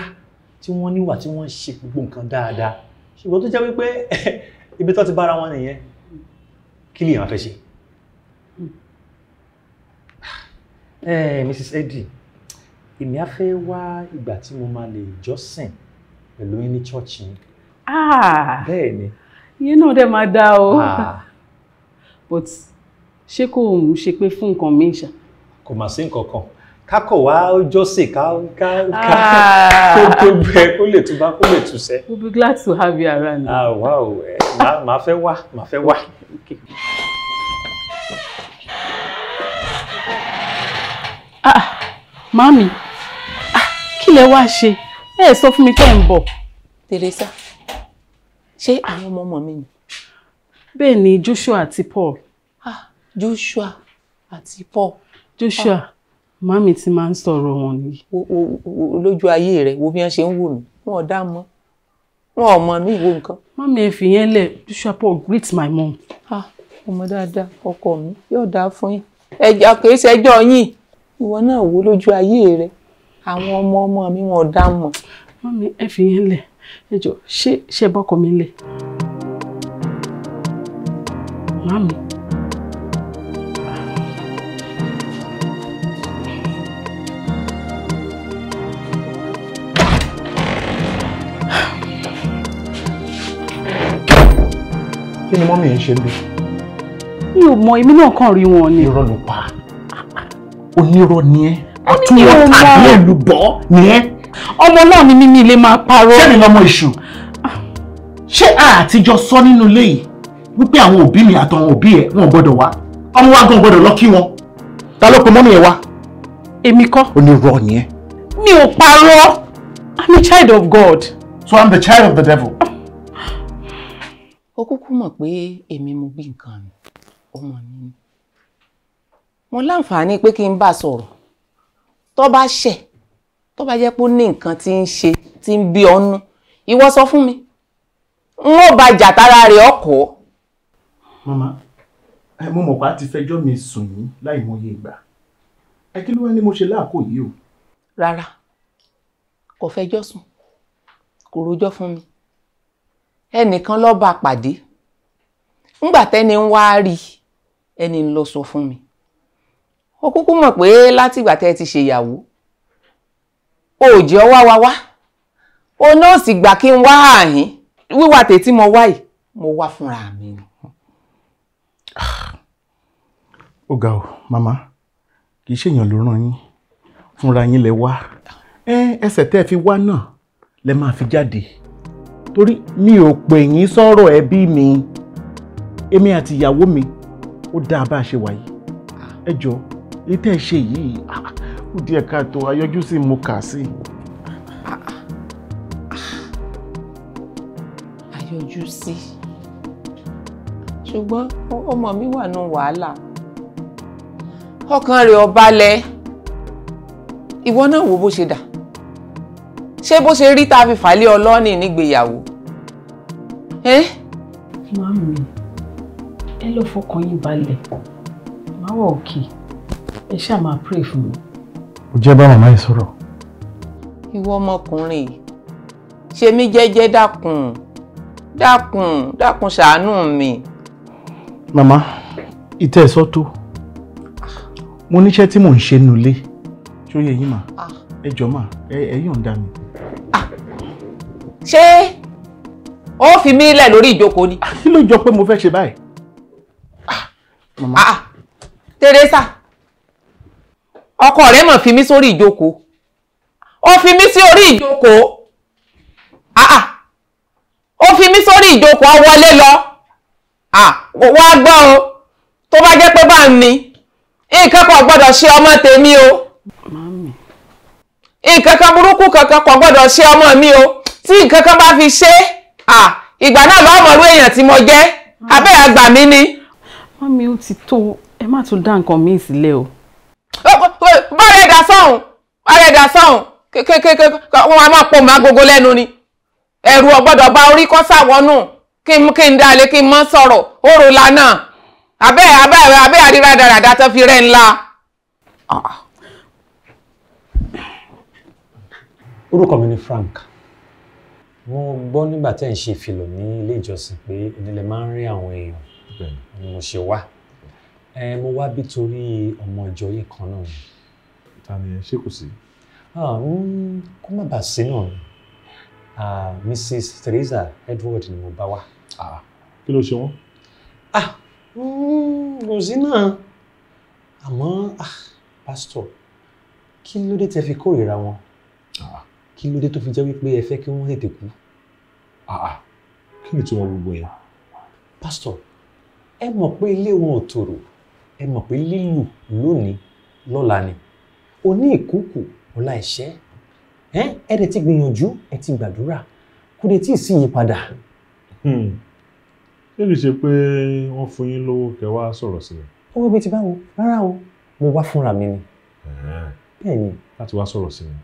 tí wọ́n níwà tí wọ́n ń ṣe gbogbo nǹkan dáadáa ṣùgbọ́n tó jẹ́ wípé ibi tó ti bára wọn nìyẹn kí lèèyàn fẹ́ ṣe. Mrs. Hmm. Eh, Eddie èmi á fẹ́ wá ìgbà tí mo máa lè jọ́sìn pẹ̀lú yín ní chọ́ọ̀chì ah! bẹ́ẹ̀ ni. ìyẹn náà dẹ̀ máa dá o ah. but ṣé kò ń ṣe pé fún nǹkan mi ṣá. kò mà sí nǹkan kan kákò wá jọ́sìn ká ká ká ah. tó gbẹ kó lè tún bá kó lè tún sẹ́. we'll be glad to have you around. ah wow ẹ màá fẹ́ wá màá fẹ́ wá. Ah, mami ah, kí lẹ wá ṣe ẹ sọ fún mi tẹ́ ń bọ̀. Teresa ṣé àwọn ọmọ ọmọ mi ni. bẹ́ẹ̀ ni Joshua àti Paul. ah Joshua àti Paul. Joshua ah. mami ti máa ń sọ̀rọ̀ wọn nìyí. lójú ayé rẹ̀ wo bí wọ́n ṣe ń wò mí wọn dá mọ́ wọn ò mọ ní ìwo nǹkan. má mi fi yẹn lẹ bishop greet my mom. ọmọ dáadáa ọkọ mi yóò dáa fún yín ẹja kìí ṣẹjọ yín ìwọ náà wò lójú ayé rẹ àwọn ọmọ ọmọ mi wọn ò dá mọ. má mi ẹ fi yẹn lẹ ẹ jọ ṣé ṣe bọkọ mi lẹ. màmí kí ni mọ́mí ẹ̀ ń ṣe ń bí. mi ò mọ èmi náà kàn rí wọn ni. irọ́ ló pa onírọ́ ni ẹ́ àtúwọ̀ tàbí ẹ̀lùbọ́ ni ẹ́. ọmọ náà ni mímí ilé máa parọ́. ṣé mi lọmọ ìṣù ah. ṣé àtijọ́ sọ nínú ilé yìí wípé àwọn òbí mi àtàwọn òbí ẹ̀ wọn ò wá ọmọ wa gan gbọ́dọ̀ lọ kí wọn ta ló pe mọ́mí ẹ̀ wá. èmi kọ́. onírọ́ ni ẹ́. mi ò parọ́ i'm a child of God. so i'm the child of the devil. Ah ó kúkú mọ̀ pé èmi mo bí nǹkan mi ọmọ mi ni mo láǹfààní pé kí n bá sọ̀rọ̀ tó bá ṣẹ̀ tó bá jẹ́ pé ó ní nǹkan tí ń ṣe tí ń bí ọ́nú ìwọ sọ fún mi n ó ba jàtara rẹ̀ ọkọ̀. mama mo mọ̀ pé a ti fẹjọ́ mi sùn yín láì mọye ìgbà ẹ kí ló wá ní mo ṣe láàkó yìí o. rárá kò fẹjọ́ sùn kò rojọ́ fún mi ẹnìkan ló bá pàdé ńgbà tẹ́ni ń wá rí ẹni lọ sọ fún mi ó kúkú mọ̀ pé látìgbà tẹ́ ẹ ti ṣèyàwó òòjì ọwá wa wá ó náà sì gbà kí n wá àyín wíwà tètí mo wá yìí mo wá fúnra mi ni. ó ga ọ màmá kì í ṣèyàn ló ràn yín fúnra yín lẹ wá ẹsẹ̀ tẹ́ ẹ fi wá náà lẹ máa fi jáde torí mi ò pè yín sọ̀rọ̀ ẹbí mi èmi àti ìyàwó mi ó dáa bá a ṣe wà yìí ẹ jọ èyí tẹ́ ẹ ṣe yìí kù díẹ̀ káàtó ayọ́jú sí mo kà sí. ayọ́jú sí ṣùgbọ́n ọmọ mi wà nù wàhálà ọkàn rẹ̀ ò balẹ̀ ìwọ náà wò bó ṣe dà ṣé bó ṣe rí tá a fi fàálẹ̀ ọlọ́ọ̀nì nígbéyàwó. màmí ẹ lọ fọkàn yín balẹ̀ màá wà òkè ẹ ṣáà máa pray fún mi. ó jẹ́ bá màmá yìí sọ̀rọ̀. ìwọ ọmọkùnrin yìí ṣe mí jẹ́jẹ́ dákun dákun dákun ṣàánú mi. màmá ìtẹ́ ẹ̀sọ́ tó mo níṣẹ́ tí mò ń ṣe nulẹ̀ ṣó yẹ yín mà ah. ẹ jọ̀ọ́ mà ẹ yọ̀ǹda mi ṣé ó fi mí lẹ̀ lórí ìjókòó ni. kí ló jọ pé mo fẹ́ ṣe báyìí. Ah, ah, ah, Teresa ọkọ rẹ mọ̀ fi mí sórí ìjókòó ó fi mí sí orí ìjókòó ó fi mí sórí ìjókòó wọlé lọ wá gbọ́ o tó bá jẹ́ pé bá ń ní nǹkan kan gbọ́dọ̀ ṣe ọmọ tèmi o nǹkan kan burúkú kankan kan gbọ́dọ̀ ṣe ọmọ mi o tí nǹkan kan bá fi ṣe à ìgbà náà lọ́ọ́ mọ̀rú èèyàn tí mo jẹ́ abẹ́ àgbà mi ni. mọ́mi ó ti tó ẹ má tún dá nǹkan míì sílẹ̀ o. bọ́ọ̀rẹ́ ẹ̀dá sọ̀hún bọ́ọ̀rẹ́ ẹ̀dá sọ̀hún kékeré wọn a máa pọ̀ mọ́ agogo lẹ́nu ni ẹ̀rù ọ̀gbọ́dọ̀ bá orí kọ́ sàwọnù kí n dalẹ̀ kí n mọ́ sọ̀rọ̀ òrò lánà abẹ́ abẹ́ abẹ́ àríra dáradára tó fi rẹ̀ ńlá. Ah. orúkọ mi ni Frank mo gbọ́ nígbà tẹ́ ń ṣe ìfilọ̀ ní ilé ìjọsìn pé onílẹ̀ máa ń rí àwọn èèyàn ni mo ṣe wá mo wá bí torí ọmọ ìjọ yìí kan náà ni. ta ni ẹ ṣé kò sí. kó má bàa sí náà Mrs Teresa Edward ni mo bá wá. kí ló ṣe wọ́n. kò sí náà àmọ́ pásítọ̀ kí ló dé tẹ́ fi kórìíra wọn kí ló dé tó fi jẹ́ wípé ẹ fẹ́ kí wọ́n tètè kú àà ah, ah. kí ni tí wọ́n gbogbo yẹn pásítọ̀ ẹ mọ̀ pé ilé wọn ò tòrò ẹ mọ̀ pé lílù lónìí lọ́la ni òní ìkúkù ọ̀la ẹ̀ṣẹ́ ẹ ẹ dẹ̀ ti gbìyànjú ẹ ti gbàdúrà kó dẹ̀ tí ì sí ìyípadà. Hmm. ṣé lè ṣe pé wọ́n fún yín lówó kẹ́ wá sọ̀rọ̀ sílẹ̀. owó bíi ti báwo rárá o mo wá fúnra mi ni. bẹ́ẹ̀ ni. láti wá sọ̀rọ̀ sílẹ̀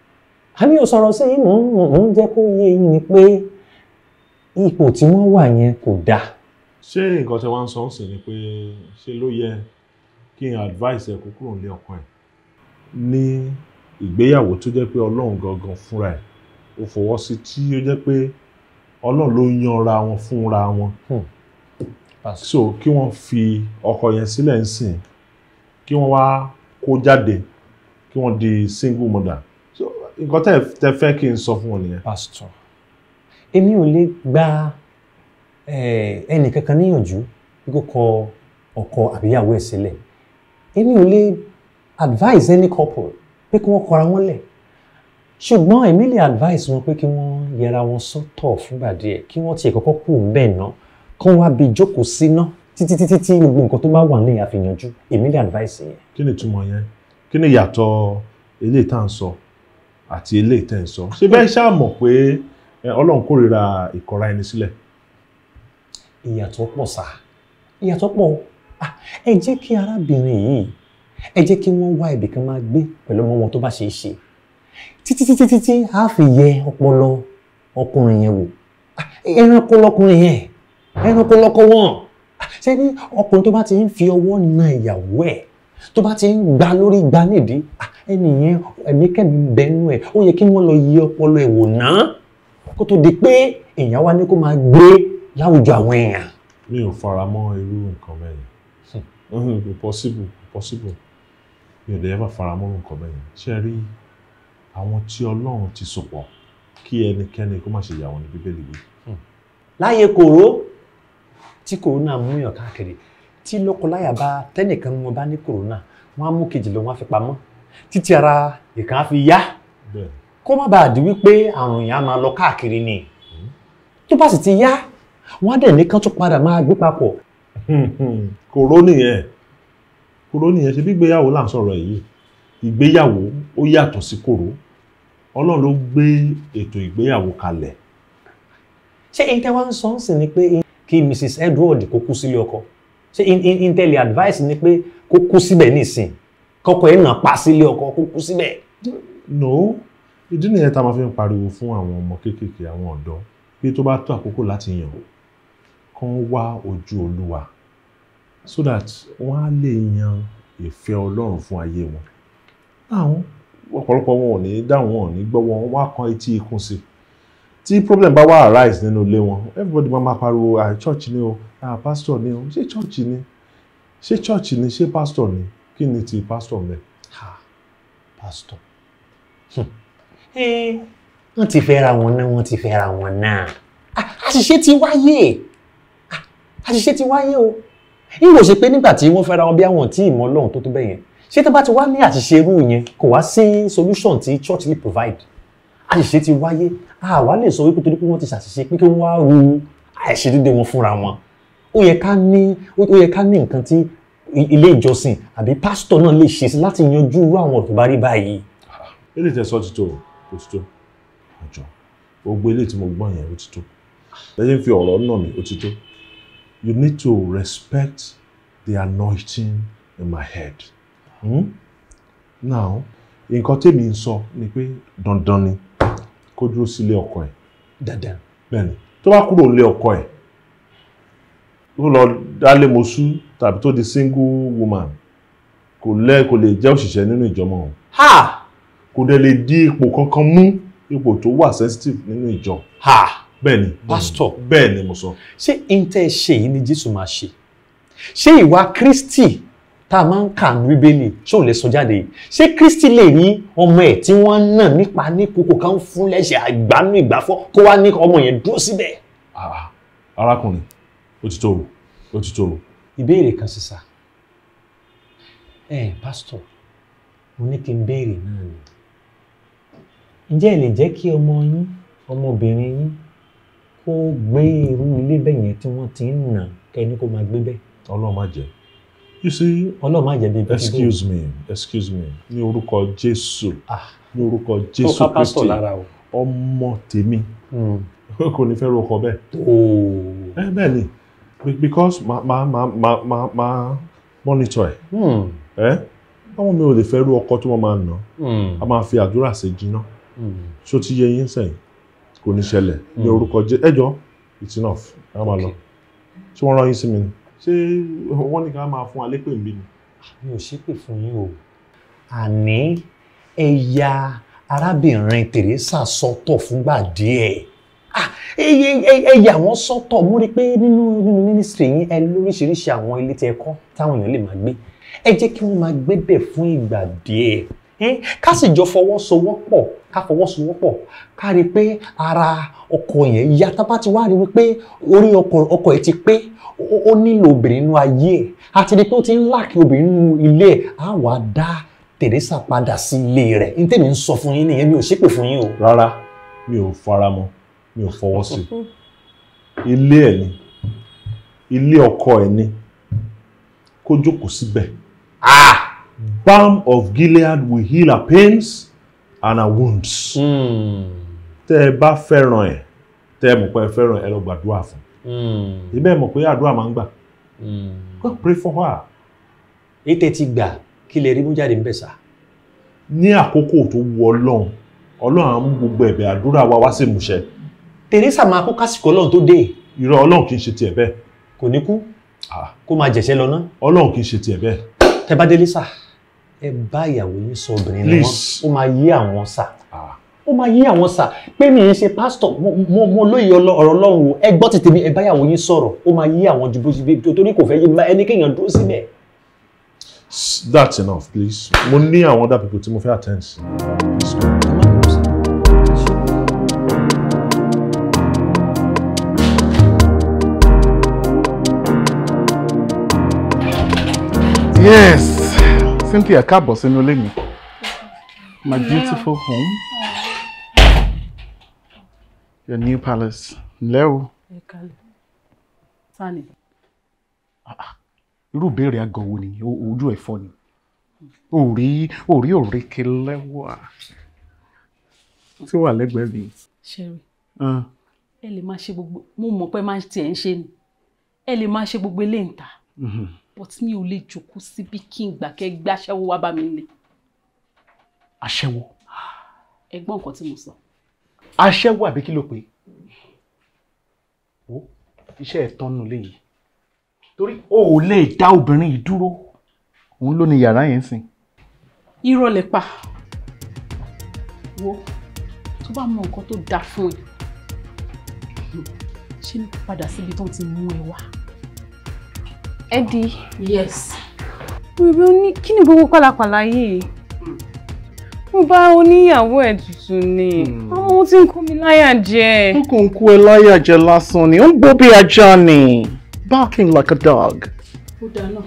àmì ò sọ̀rọ̀ sí yín mò ń mò ń jẹ́ kó yé yín ni pé ipò tí wọ́n wà yẹn kò dáa. ṣé nǹkan tí wọ́n ń sọ ń sìn ni pé ṣe ló yẹ kí n advice ẹ kó kúrò nílé ọkọ ẹ ní ìgbéyàwó tó jẹ́ pé ọlọ́run gangan fúnra ẹ̀ ó fọwọ́ sí tí ó jẹ́ pé ọlọ́run ló yanra wọn fúnra wọn hmm. so kí wọ́n fi ọkọ yẹn sílẹ̀ ń sìn kí wọ́n wá kó jáde kí wọ́n di single mother nǹkan tẹ́ tẹ́ fẹ́ kí n sọ fún wọn nìyẹn. pásítọ̀ èmi ò lè gba ẹnì kankan níyànjú bí kò kọ ọkọ àbíyàwó ẹ̀ sílẹ̀ èmi ò lè advise any couple pé kí wọ́n kọra wọn lẹ̀ ṣùgbọ́n èmi lè advise wọn pé kí wọ́n yẹra wọn sọ́tọ̀ fúngbà díẹ̀ kí wọ́n tiẹ̀ kọ́kọ́ kù bẹ́ẹ̀ náà kí wọ́n wá bí jókòó sí náà títí títí tí gbogbo nǹkan tó bá wà ní àfihànjú èmi lè advise yẹn. kí ni ìtumọ̀ yẹn kí ni ìyàtọ̀ eléyìí tá à ń sọ àti eléyìí tẹ̀ ń sọ ṣé bẹ́ẹ̀ ṣáà mọ̀ pé ọlọ́run kórìíra ìkọ̀ra ẹni sílẹ̀. ìyàtọ̀ pọ̀ sá ìyàtọ̀ pọ̀ ah, ẹ jẹ́ kí arábìnrin yìí ẹ jẹ́ kí wọ́n wá ibì kan máa gbé pẹ̀lú ọmọ wọn tó bá ṣe é ṣe títí títí títí a fi yẹ ọpọlọ ọkùnrin yẹn wò ah, ẹranko lọkùnrin yẹn ẹranko lọkọ wọn ah, ṣé ní ọkùnrin tó bá ti ń fi ọwọ́ na ìyàwó ẹ̀ tó bá ti ń gba lórí gba nídìí ẹni yẹn ẹ̀mí kẹ́mi bẹ́nu ẹ̀ ó yẹ kí wọ́n lọ yí ọpọlọ ẹ̀ wò ná kó tó di pé èèyàn wá ní kó máa gbé láwùjọ àwọn èèyàn. mi ò fara mọ́ irú nǹkan bẹ́ẹ̀ yẹn hmm. possible possible mi ò dẹ́yẹ́ bá fara mọ́ nǹkan bẹ́ẹ̀ yẹn ṣé ẹ rí àwọn tí ọlọ́run ti sopọ̀ kí ẹnikẹ́ni kó má ṣe yà wọ́n ní bíbélì wí. Hmm. láyé kòró tí kòrónà múyàn káàkiri tí lọ́kọláya bá tẹ́nìkan wọn bá ní kòrónà wọn á mú kejì lọ wọn á fi pamọ́ títí ara ìkan á fi yá kó má bàa di wípé àrùn yẹn á máa lọ káàkiri ni hmm. tó bá sì ti yá wọn á dẹ̀ ní kán tó padà máa gbé papọ̀. kòrónì yẹn kòrónì yẹn ṣe bí ìgbéyàwó là ń sọ̀rọ̀ yìí ìgbéyàwó ó yàtọ̀ sí kòró ọlọ́run ló gbé ètò ìgbéyàwó kalẹ̀. ṣé èyí tẹ́ wá ń sọ ń sìn ni pé kí Mrs. Edward kó kú sílé ọkọ in intel advice ni pé kó kú síbẹ̀ nísìn kọ́kọ́ ẹ̀ nà pa sílé ọkọ kó kú síbẹ̀. no ìdí nìyẹn tá a máa fi ń pariwo fún àwọn ọmọ kéékèèké àwọn ọ̀dọ́ pé tó bá tó àkókò láti yàn kán wá ojú olúwa so that wọ́n á lè yan ìfẹ́ ọlọ́run fún ayé wọn. àwọn ọ̀pọ̀lọpọ̀ wọn ò ní dáhùn wọn ò ní gbọ́ wọn wá kan etí ikún sí i tí problem bá wá arise nínú ilé wọn everybody máa máa pariwo ah, church ni o ah pásítọ̀ ni o ṣé chọ́ọ̀chì ni ṣé chọ́ọ̀chì ni ṣé pásítọ̀ ni kí ni ti pásítọ̀ mẹ́. ha pásítọ̀ hmm. wọ́n ti fẹ́ra wọn náà wọ́n ti fẹ́ra wọn náà ah, àṣìṣe ti wáyé ah, àṣìṣe ti wáyé o ìwò ṣe pé nígbà tí wọ́n fẹ́ra wọn bí àwọn tí ìmọ̀ ọlọ́run tó tó bẹ́ẹ̀ yẹn ṣé tó bá ti wá ní àṣìṣe irú yẹn kò wá sí solution tí church lè provide àṣìṣe ti wáyé àwa lè sọ wípé torí pé wọ́n ti ṣàṣìṣe pé kí wọ́n wá ru àìṣedédé wọn fúnra wọn ó yẹ ká ní ó yẹ ká ní nǹkan tí ilé ìjọsìn àbí pásítọ̀ náà lè ṣe sí láti yanjú irú àwọn ọ̀rọ̀ tó bá rí báyìí. ilé ìtẹ̀sọ́ ti tó o ti tó àjọ gbogbo ilé tí mo gbọ́ yẹn ó ti tó lẹ́yìn fi ọ̀rọ̀ náà mi ó ti tó you need to respect the anointing in my head. Hmm? now nǹkan tèmi ń sọ ni pé dandan ni kó dúró sílé ọkọ ẹ̀. dandan. bẹ́ẹ̀ni tó bá kúrò nílé ọkọ ẹ̀ ó lọ dálé mosú tàbí tó di single woman kò lè kò lè jẹ́ òṣìṣẹ́ nínú ìjọmọ o kò dẹ̀ lè di ipò kankan mú ipò tó wà sensitive nínú ìjọ bẹ́ẹ̀ ni pastor bẹ́ẹ̀ ni mo sọ. ṣé intẹ́ ṣe yìí ni Jésù máa ṣe ṣé ìwà Kristi tá a máa ń kà ní bíbélì ṣó lè sọ jáde yìí ṣé Kristi lè ní ọmọ ẹ̀ tí wọ́n nà nípa ní kókó kan fún lẹ́sẹ̀ àgbánú ìgbàfọ́ kó wá ní ọmọ yẹn dúró síbẹ̀. Ah, arákùnrin ó ti tó o ó ti tó o. ìbéèrè kan sísà ẹ pásítọ̀ mo ní kí n béèrè náà ni ǹjẹ́ ẹ lè jẹ́ kí ọmọ yín ọmọbìnrin yín kó gbé irú ilé bẹ́ẹ̀ yẹn tí wọ́n ti ń nà kẹ́ni kó máa gbé bẹ́ẹ̀. ọlọ́run má jẹ́ you see ọlọ́run má jẹ́ bíi bíi excuse me excuse me ní orúkọ jésù ah. ní orúkọ jésù kristi ọmọ tèmi hmm. kò ní fẹ́ rọkọ bẹ́ẹ̀. bẹ́ẹ̀ ni because ma ma ma ma ma ma monitor ẹ hmm. ẹ báwọn mi ò lè fẹ́ rú ọkọ tí wọ́n máa ná hmm. a máa fi àdúrà ṣe jiná hmm. ṣó ti yẹ yín sẹ́yìn kò ní ṣẹlẹ̀ ní orúkọ jẹ ẹjọ́ it's enough ká máa lọ ṣé wọ́n rán yín sí mi ni ṣé wọ́n ní ká máa fún alẹ́ pè mí ni. mi ò ṣépè fún yín o àní ẹ̀yà arábìnrin Teresa sọ́tọ̀ fúngbà díẹ̀ ẹyẹ àwọn sọ́tọ̀ mo rí i pé nínú nínú mínísítírì yín ẹ lóríṣiríṣi àwọn ilé tí ẹ kọ́ táwọn èèyàn lè máa gbé ẹ jẹ́ kí wọ́n máa gbébẹ̀ fún ìgbà díẹ̀ ká sì jọ fọwọ́sowọ́pọ̀ ká fọwọ́sowọ́pọ̀ ká rí i pé ara ọkọ̀ yẹn ya tá bá ti wá rí i pé orí ọkọ̀ ẹ ti pé ó nílò obìnrin nínú ayé ẹ̀ àti rí i pé ó ti ń láàkì obìnrin nínú ilé ẹ̀ á wà á dá Teresa padà sí ilé rẹ̀ ní tèmi ń sọ fún yín nìyẹn mi ò ṣépè fún yín o. rárá mi ò fara mọ́ mi ò fọwọ́ sí ilé ẹ̀ ni ilé ọkọ ẹ̀ ni kó jókòó síbẹ̀ ah balm of Gilead will heal her pains and her wounds hmm. tẹ́ ẹ bá fẹ́ràn ẹ̀ tẹ́ ẹ mọ̀ pé ẹ fẹ́ràn ẹ lọ gbàdúrà fún un ibẹ̀ hmm. mọ̀ pé àdúrà máa ń gbà hmm. go pray for her. ètè ti gbà kí lè rí mú jáde ń bẹ̀ sá. ní àkókò tó wù Ọlọ́run Ọlọ́run á mú gbogbo ẹ̀bẹ̀ àdúrà wa wá sí ìmúṣẹ. Teresa máa kó kásìkò ọlọ́run tó dé. irọ́ ọlọ́run kì í ṣe tiẹ̀ bẹ́ẹ̀. kò ní kú kó máa jẹ̀ṣẹ́ lọ ná. ọlọ́run kì í ṣe tiẹ̀ bẹ́ẹ̀. tẹ bá délé sà ẹ bá ìyàwó yín sọ obìnrin lọ́wọ́ ó máa yí àwọn sà ó máa yí àwọn sà pé mi ì ṣe pásítọ̀ mo mo lóye ọ̀rọ̀ ọlọ́run o ẹ gbọ́ tètè mi ẹ bá ìyàwó yín sọ̀rọ̀ ó máa yí àwọn ju bó ṣe bébí torí kò fẹ́ yí ẹni kéèyàn dúró síbẹ̀. that's enough please mo ní àwọn other people tí mo fẹ́ attend Yes, Cynthia káàbọ̀ sínú ilé mi. My beautiful home. Your new palace. Ǹlẹ́ Sunny, Sani. Ah, ah. Irú ìbéèrè àgọ̀ wo ni ojú ẹ̀fọ́ ni? Orí orí òrèké lẹ́wà tí ó wà lẹ́gbẹ̀ẹ́ mi. Ṣẹ́rí. Ẹ lè máa ṣe gbogbo, mo mọ̀ pé máa tiẹ̀ ń ṣe ni. Ẹ lè máa ṣe gbogbo eléyìí ta but mi ò lè jókòó síbi kí n gbà kẹ́ gbé aṣẹ́wó wá bá mi lè. aṣẹ́wó. ẹ gbọ́ nǹkan tí mo sọ. aṣẹ́wó àbí kí ló pé ó iṣẹ́ ẹ̀ tán nù léyìí torí o ò lè dá obìnrin yìí dúró òun ló ní yàrá yẹn sìn. irọ́ lẹ pa wo tó bá mọ nǹkan tó dáa fún ẹ ṣé ní padà síbi tó ti mú ẹ wá. Eddie. Yes. Bèbè oní kí ni gbogbo pàlàpàlà yìí? Mo bá oníyàwó ẹ̀ tuntun ni. Hmm. Ọmọ ó ti ń kó mi láyà jẹ. Ó kò ń kó ẹ láyà jẹ lásán ni, ó ń gbó bí ajá ni. Barking like a dog. Ó dáná.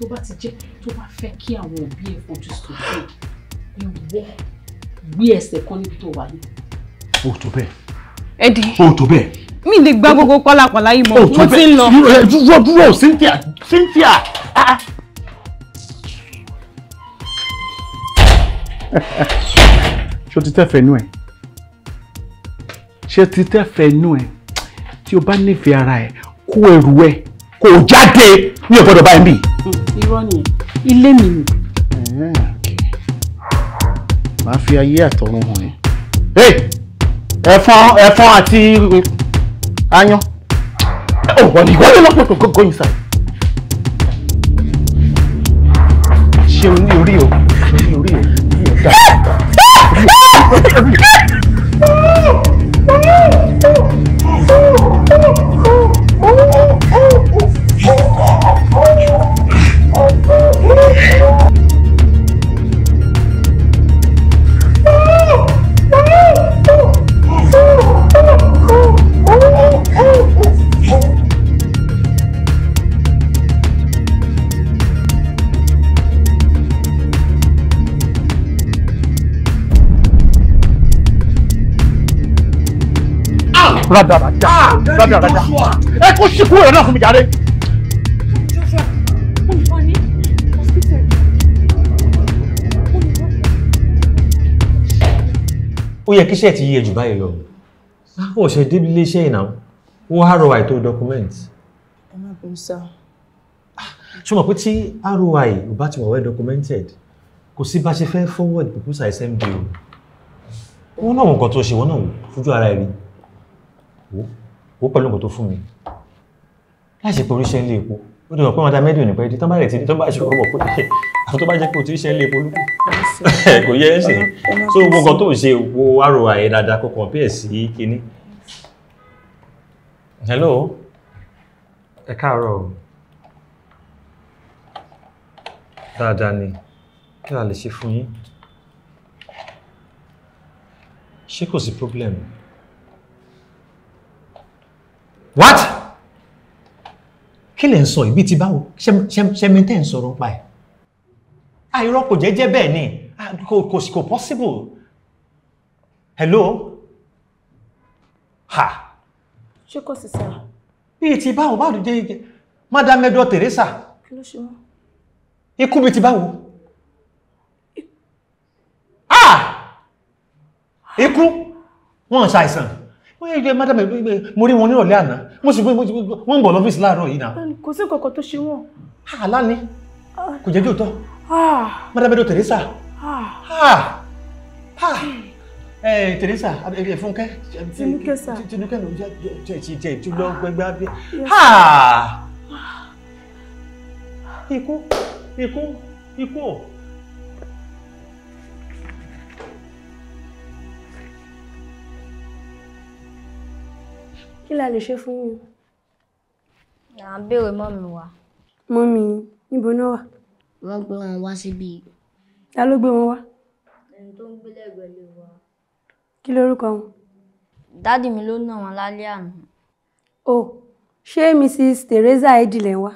Tó bá ti jẹ́ tó bá fẹ́ kí àwọn òbí ẹ̀ fojú sókè, ìwọ gbé ẹsẹ̀ kan níbi tó wà ní. O tó bẹ́ẹ̀. Eddie. O tó bẹ́ẹ̀ mi lè gba gbogbo pálapàla yìí mọ́ oh, mo ti ń lọ. Eh, dúró dúró Cynthia Cynthia. ṣé o ti tẹ́ fẹ́nu ẹ̀ ṣé o ti tẹ́ fẹ́nu ẹ̀ tí o bá nífẹ̀ẹ́ ara ẹ̀ kó ẹrù ẹ̀ kó o jáde ní ọ̀gbọ́dọ̀ báyìí bì. Mm, irọ́ nìyẹn ilé mi ni. Eh, màá fi ayé àtọ̀run hàn ẹ́ ẹ̀fọn ẹ̀fọn àti. Anyo. Oh, what are you want to go, go inside? Ṣé o ní orí o? Ṣé o rádaràdà rádaràdà ẹ kó ṣíkú rẹ̀ náà fún mi jàre. ó yẹ kíṣẹ́ ti yíyẹ jù báyìí lọ láwọn ọ̀sẹ̀ débi iléeṣẹ́ ìnáwó wọ́n á rọ àìtó dọ́kúmẹ́ǹtì. ẹ má bẹ̀rù sá. Ah, ṣé o mọ̀ pé tí roi ò bá ti wà well documented kò sí bá ṣe fẹ́ forward proposal ẹsẹ̀ ń bí o. wọ́n náà wọ̀ nǹkan tó ṣe wọ́n náà fojú ara ẹ̀ rí i wò wò pẹ̀lú nǹkan tó fún mi láì ṣe pé oríṣẹ́ ilé epo ó dìbò pé wọn da mẹ́dùn nípa ẹni tó bá rẹ̀ ti di tó bá ṣe ọ̀rọ̀ pé àwọn tó bá jẹ́ pé o ti ṣe ilé epo lóko kò yẹ ẹ́ sìn so gbogbo nǹkan tó ń ṣe wo àrò àyè dáadáa kò kàn bíẹ̀ sí kinní. hello ẹ káàárọ̀ dáadáa ni kí la lè ṣe fún yín ṣé kò sí problem what kí lè ń sọ ìbí ti báwo ṣẹ́mẹ́tẹ́ ń sọ̀rọ̀ pa ẹ̀ àìrọ́ ah, kò jẹ́jẹ́ bẹ́ẹ̀ ni ah, kò sì kò possible hello ha ṣé kò sì sá bíi ti báwo báwo jẹ́ ìjẹ́ madam ẹ̀dọ́ Teresa kí ló ṣe wọ́n ikú bíi ti báwo ah ikú wọn ṣàìsàn ó yẹ jẹ́ madam mo rí wọn nírọ̀lẹ́ àná mo sì wọ́n ń bọ̀ lọ́fíìsì láàárọ̀ yìí náà. kò sí nǹkan kan tó ṣe wọ́n. Ah, àlá ni ah. kò jẹ́ jòótọ́ ah. madam edo Teresa Teresa Fúnkẹ́ Tinúkẹ́ ló jẹ́ jẹ́ ìtúlọ́ gbẹgbẹ́ abẹ́ ikú ikú ikú. kí la lè ṣe fún yín. à ń béèrè mọ́mì wa. mọ́mì níbo náà wà. wọ́n gbé wọn wá síbí. ta ló gbé wọn wá. ẹni tó ń gbé lẹ́gbẹ̀ẹ́ lè wá. kí lorúkọ wọn. dádì mi ló nà wọn lálẹ́ àná. o ṣé mrs teresa edilẹ̀ wá.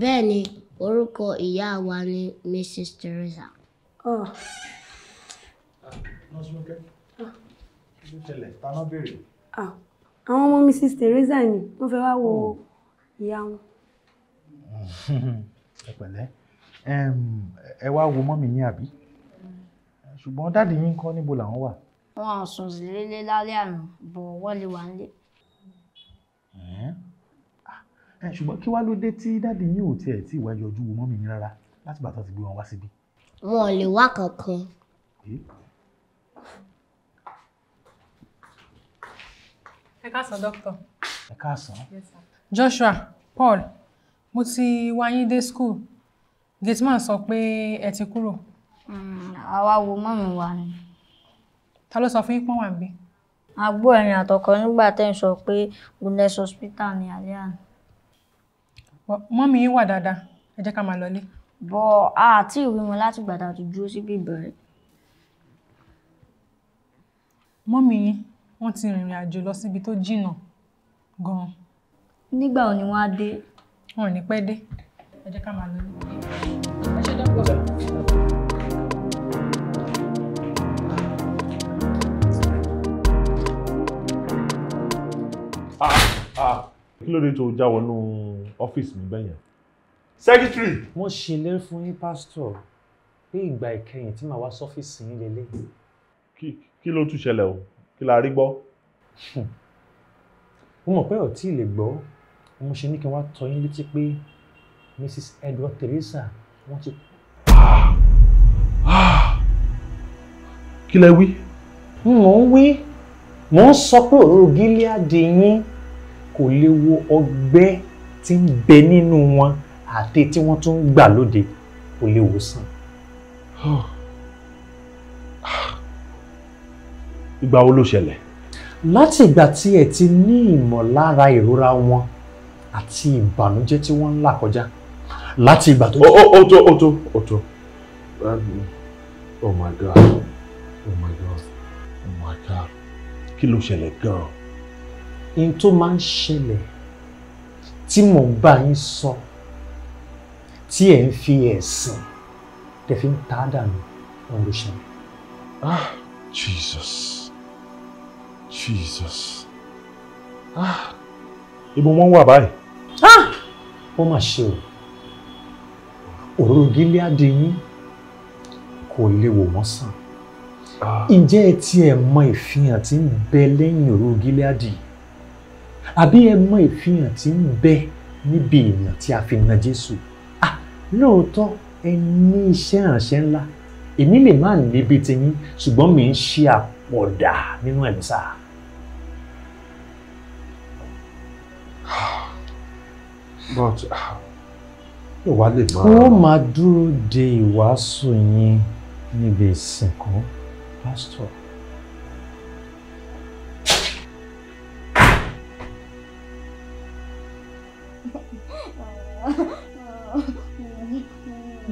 bẹ́ẹ̀ ni orúkọ ìyá wa ni mrs teresa. Oh. Ah, no, ah àwọn ọmọ Mrs. Teresa ni wọ́n fẹ́ wá wo oh. ìyá wọn. ẹ pẹ̀lẹ́ ẹ wá wo mọ́mì ní àbí ṣùgbọ́n dáàdì yín kọ́ níbo làwọn wà. wọn ò sùn sí lélẹ̀ lálẹ́ àná bọ̀ wọ́n lè wà nílé. Ah, ṣùgbọ́n kí wá ló dé tí dáàdì yín ò tiẹ̀ tí ìwà yọjú wo mọ́mì yín rárá láti bàtà ti gbé wọn wá síbí. wọn ò lè wá kankan. ẹ káàsán doctor. ẹ káàsán. Yes, Joshua Paul mo ti wá yín dé school gateman sọ pé ẹ ti kúrò. Mm, àwa wo mọ́mí wa ni. ta ló sọ fún yín pọ́n wà bí. a gbọ́ ẹ̀rìn àtọkọ nígbà tẹ́ ń sọ pé Goodness hospital ní alẹ́ àná. mọ́mí yín wà dáadáa ẹ jẹ́ ká máa lọlé. bọ́ a ti rí wọn láti gbàdá tó dúró síbi ìbẹ̀rẹ̀. mọ́mí yín wọ́n ti rìnrìn àjò lọ síbi tó jìnnà gan-an. nígbà wo ni wọ́n á dé. wọn ò ní pẹ́ dé ẹ jẹ́ ká máa lọ nípa ẹ ṣe dọ́gbọ̀n. Ah, ah. kí ló dé tó já wọnú ọ́fíìsì mi bẹ́yẹn. secretary. wọ́n ṣèlérí fún yín pásítọ̀ pé ìgbà ìkẹyìn tí màá wá sọ́fíìsì yín lélẹ̀. kí ló tún ṣẹlẹ̀ o kí la rí gbọ́. Hmm. mo mọ̀ pé ọ̀tí lè gbọ́ mo ṣe ní kí n tọ́ yín létí pé Mrs. Edward Teresa wọ́n ti. kí lẹ wí. mò ń wí mò ń sọ pé òróró gíláàdì yín kò lè wo ọgbẹ́ tí ń bẹ nínú wọn àti tí wọ́n tún ń gbà lóde kò lè wò sàn. Oh. Ah. ìgbà wo ló ṣẹlẹ̀. láti ìgbà tí ẹ ti ní ìmọ̀lára ìrora wọn àti ìbànújẹ́ tí wọ́n ń là kọjá láti ìgbà tó. ó tó ó tó ó tó oh my god oh my god oh my god kí ló ṣẹlẹ̀ gan-an. in tó máa ń ṣẹlẹ̀ tí mò ń bá yín sọ tí ẹ̀ ń fi ẹ̀sìn tẹ̀ ń tá dànù ọ̀hún ló ṣẹlẹ̀. ah Jesus. Jesus. Ah! Ibo wọ́n wà báyìí. Ah! Wọ́n mà ṣe o. Òróró Gíleádì yín kò lè wò wọ́n sàn. Ah. Ǹjẹ́ ẹ tiẹ̀ mọ ìfihàn tí ń bẹ lẹ́yìn òróró Gíleádì? Àbí ẹ mọ ìfihàn tí ń bẹ níbi ìyàn tí a fi na Jésù? Ah! Lóòótọ́ ẹ ní iṣẹ́ ìrànṣẹ́ ńlá èmi lè má níbi tiyín ṣùgbọ́n mi ń ṣe àpọ̀dà nínú ẹ̀mí sáà. but yóò ah, wá lè máa. ó máa dúró de ìwàásù yín níbi ìsìnkú pásítọ̀.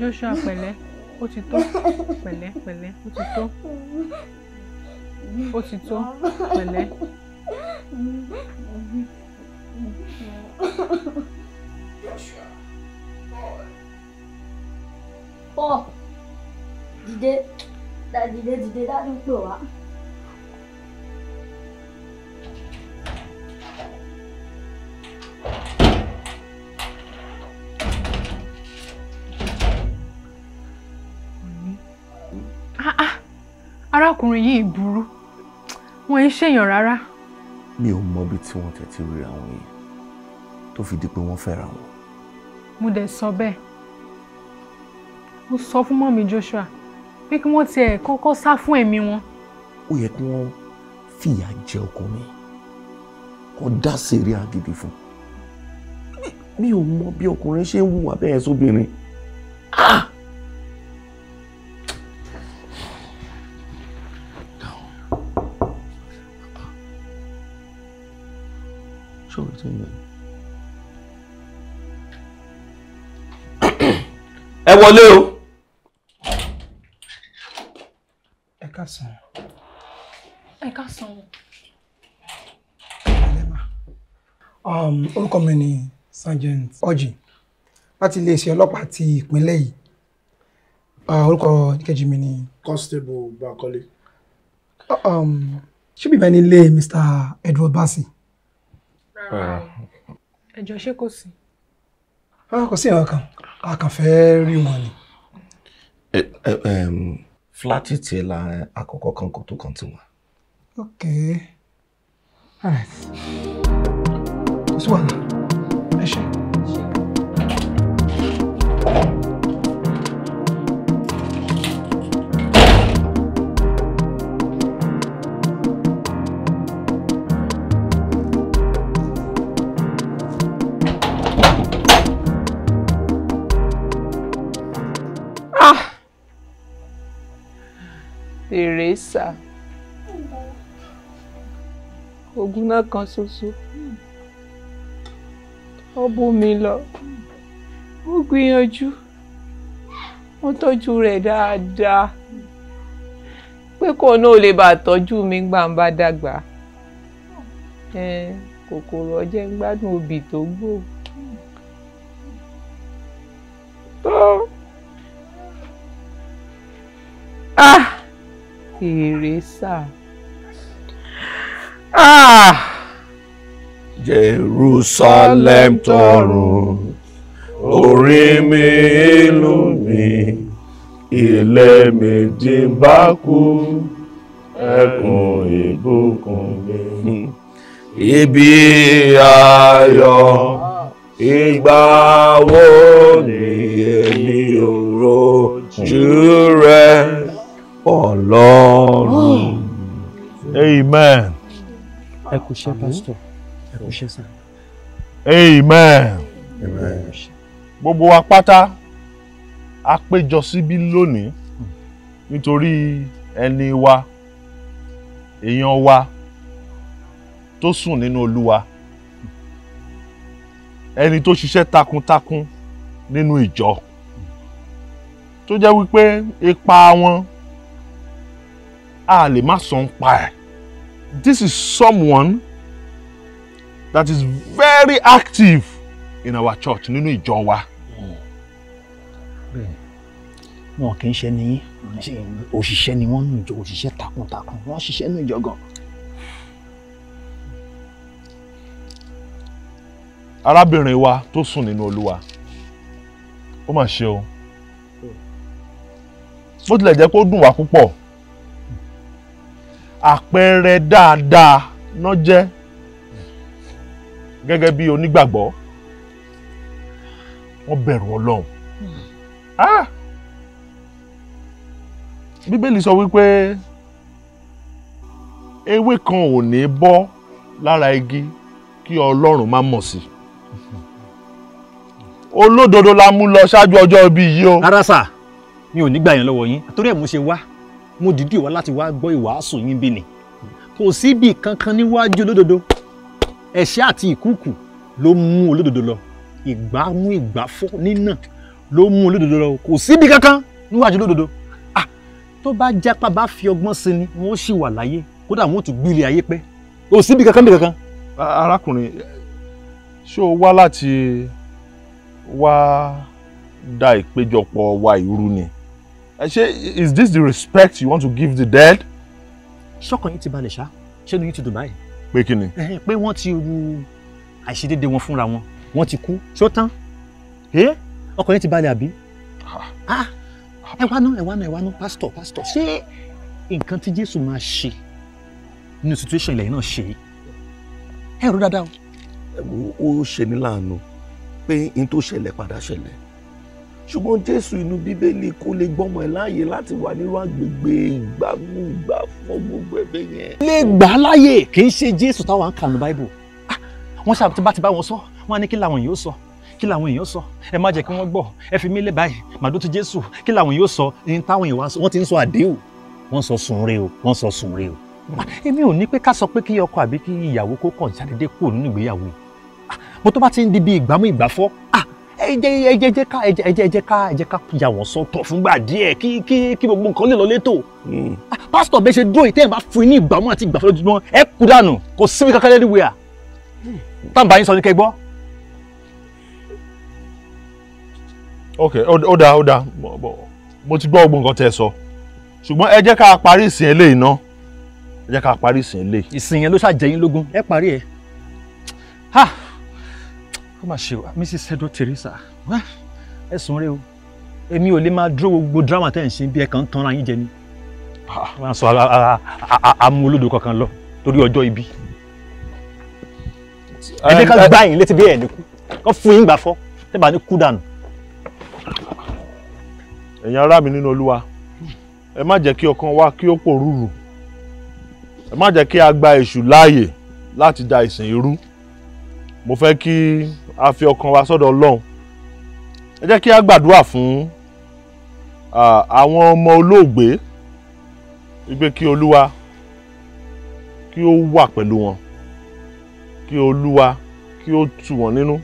Joshua pẹ̀lẹ́ ó ti tó pẹ̀lẹ́ pẹ̀lẹ́ ó ti tó ó ti tó pẹ̀lẹ́. Joshua, Paul. Paul, dìde, dìde, dìde, dádì ń pè wá. arákùnrin yìí burú wọn ẹ ṣèyàn rárá. mi ò mọ ibi tí wọn tẹ ti rí àwọn yìí tó fi di pé wọn fẹ́ra wọn mo dẹ̀ sọ bẹ́ẹ̀ mo sọ fún mọ́mí Joshua pé kí wọ́n tiẹ̀ kọ́kọ́ sá fún ẹ̀mí wọn. ó yẹ kí wọ́n fìyà jẹ ọkọ mi kó dá sèré àgìdì fún mi ò mọ bí ọkùnrin ṣe ń hùwà bẹ́ẹ̀ sóbìnrin. Ah! ẹ wọlé o. ẹ ká sàn. ẹ ká sàn o. Um, orúkọ mi ni sergeant Orji láti iléeṣẹ́ ọlọ́pàá ti ìpínlẹ̀ yìí uh, orúkọ kejì mi ni. constable Bankole. Um, ṣé bíbá ní ilé Mr Edward Bassey. ẹjọ ṣé kò sí. Ah, kò sí nǹkan kan a kàn fẹ́ rí wọn ni. fúláàtì tiẹ̀ la àkọ́kọ́ kan kò tó kan tiwa. ok kò sí wàhálà ẹ ṣe. thank you sà ogun náà kan ṣoṣo ó bú mi lọ ó gbìyànjú ó tọ́jú rẹ̀ dáadáa pé kò náà lè bá tọ́jú mi gbàǹbá dàgbà kòkòrò ọjẹ́ ń gbádùn obì tó gbò ah. Teresa. Ah! Jerusalem tọ̀run orí mi ìlú mi ilé mi di bákú ẹkùn ìbùkún mi ibi ayọ̀ ìgbà wo ni èmi ò rojú rẹ. Ọlọ́run. Amen. Ẹ kú iṣẹ́ pásítọ̀. Ẹ kú iṣẹ́ sá. Amen. Gbogbo wa pátá a péjọ síbí lónìí nítorí ẹni wa èèyàn wa tó sùn nínú Olúwa ẹni tó ṣiṣẹ́ takuntakun nínú ìjọ tó jẹ́ wípé ipa wọn. E a lè má sọ pa ẹ̀ this is someone that is very active in our church nínú ìjọ wa. wọn kì í ṣe ní òṣìṣẹ́ ni wọ́n ń jọ òṣìṣẹ́ takuntakun wọ́n ṣiṣẹ́ ní ìjọ gan. arábìnrin wa tó sùn nínú olúwa ó mà ṣe o bó tilẹ̀ jẹ́ kó dùn wá púpọ̀ àpẹẹrẹ dáadáa náà jẹ́ gẹ́gẹ́ bí onígbàgbọ́ wọ́n bẹ̀rù ọlọ́run hmm. ah! bíbélì sọ wípé ewé kan ò ní bọ́ lára igi kí ọlọ́run má mọ̀ sí olódodo la mú lọ ṣáájú ọjọ́ ibi yìí o. rárá sà mi ò ní gbà yẹn lọ́wọ́ yín torí ẹ̀ mo ṣe wá mo dìde wá láti wá gbọ́ ìwàásù yín bí ni kò síbi kankan níwájú olódodo ẹ̀ṣẹ̀ àti ìkúùkù ló mú olódodo lọ ìgbà mú ìgbà fọ́ nínà ló mú olódodo lọ kò síbi kankan níwájú olódodo ah tó bá jápa bá fi ọgbọ́n sí ni wọ́n sì wà láyé kódà wọ́n tún gbélé ayé pẹ́ kò síbi kankan bí kankan. arákùnrin ṣé o wá láti wá dá ìpéjọpọ̀ wa ìrú ni ṣé is this the respect you want to give the dead. sọ́kàn yín ti balẹ̀ ṣá ṣé ni yín ti dùn báyìí. pé kí ni. pé wọ́n ti ru àìṣedéédé wọn fúnra wọn wọ́n ti kú ṣó tán ọkàn yín ti balẹ̀ àbí. Ah, ẹ wá ná ẹ wá ná ẹ wá ná pásítọ̀ pásítọ̀ ṣé nǹkan tí Jésù máa ṣe nínú situation ilẹ̀ yìí náà ṣe é ẹ rò dáadáa o. ó ṣe ní láàánú pé n tó ṣẹlẹ̀ padà ṣẹlẹ̀ ṣùgbọ́n jésù inú bíbélì kò lè gbọ́mọ ẹ̀ láàyè láti wà nínú àgbègbè ìgbàmúgbà fún gbogbo ẹ̀bẹ̀ yẹn. lè gbà á láàyè kì í ṣe jésù táwọn ń kà ní báíbù ah, wọn ṣáà ti bá ti bá wọn sọ wọn á ní kí làwọn yìí ó sọ kí làwọn èèyàn sọ ẹ má jẹ́ kí wọ́n gbọ́ ẹ fi mí lé báyìí màdó ti jésù kí làwọn yóò sọ ní táwọn èèyàn wá sọ wọ́n ti ń sọ àdéhùn wọ́n sọ sùn re o wọ́n sọ sùn re o ah, èmi ò ní pé ká sọ pé kí ọkọ àbí kí ìyàwó kó kàn jáde kúrò nínú ìgbéyàwó yìí ah, mo tó bá ti ń di bí ìgbámú ìgbáfọ́ ah ẹ jẹ́ jẹ́ ká ẹ jẹ́ jẹ́ ká ẹ jẹ́ ká yà wọ́n sọ́tọ̀ fúngbà díẹ̀ kí kí kí gbogbo nǹkan lè lọ létò. Hmm. Ah, pásítọ̀ bẹ́ẹ̀ ṣe dúró ìtẹ́yìn bá fún yín ní ìgbàmú àti ìgbàfẹ́ lójúmọ́ ẹ kú dànù kò síbi kankan lẹ́nu wíyà. táǹbà yín sọ ní kẹgbọ́. ok ó dáa ó dáa mo ti gbọ́ gbogbo nǹkan tẹ́ ẹ sọ ṣùgbọ́n ẹ jẹ́ ká parí ìsìn eléyìí ná ẹ jẹ́ ká parí ìsìn eléyìí. ìsìn yẹn ló ṣàjẹyìn lógún ẹ parí ẹ. ha ó mà ṣe wá Mrs. Edo Teresa ẹ sùn rẹ o èmi ò lè máa dúró gbogbo drama. tẹ̀ ń ṣe bí ẹ kàn ń tanra yín jẹ ni wọ́n sọ amúlòdò kankan lọ torí ọjọ́ ibi ẹni ká gbá yín létí bí ẹ̀ nìkú kọ́ fún yín gbà fọ́ tẹ́ bá ní kú dànù. ẹ̀yin ará mi nínú olúwa ẹ má jẹ́ kí ọkàn wa kí ó pòrúurù ẹ má jẹ́ kí a gba èṣù láàyè láti da ìsìn irú mo fẹ́ kí a fi ọkàn wa sọ́dọ̀ ọlọ́run ẹ jẹ́ kí a gbàdúrà fún àwọn ọmọ olóògbé wípé kí olúwa kí ó wà pẹ̀lú wọn kí olúwa kí ó tù wọ́n nínú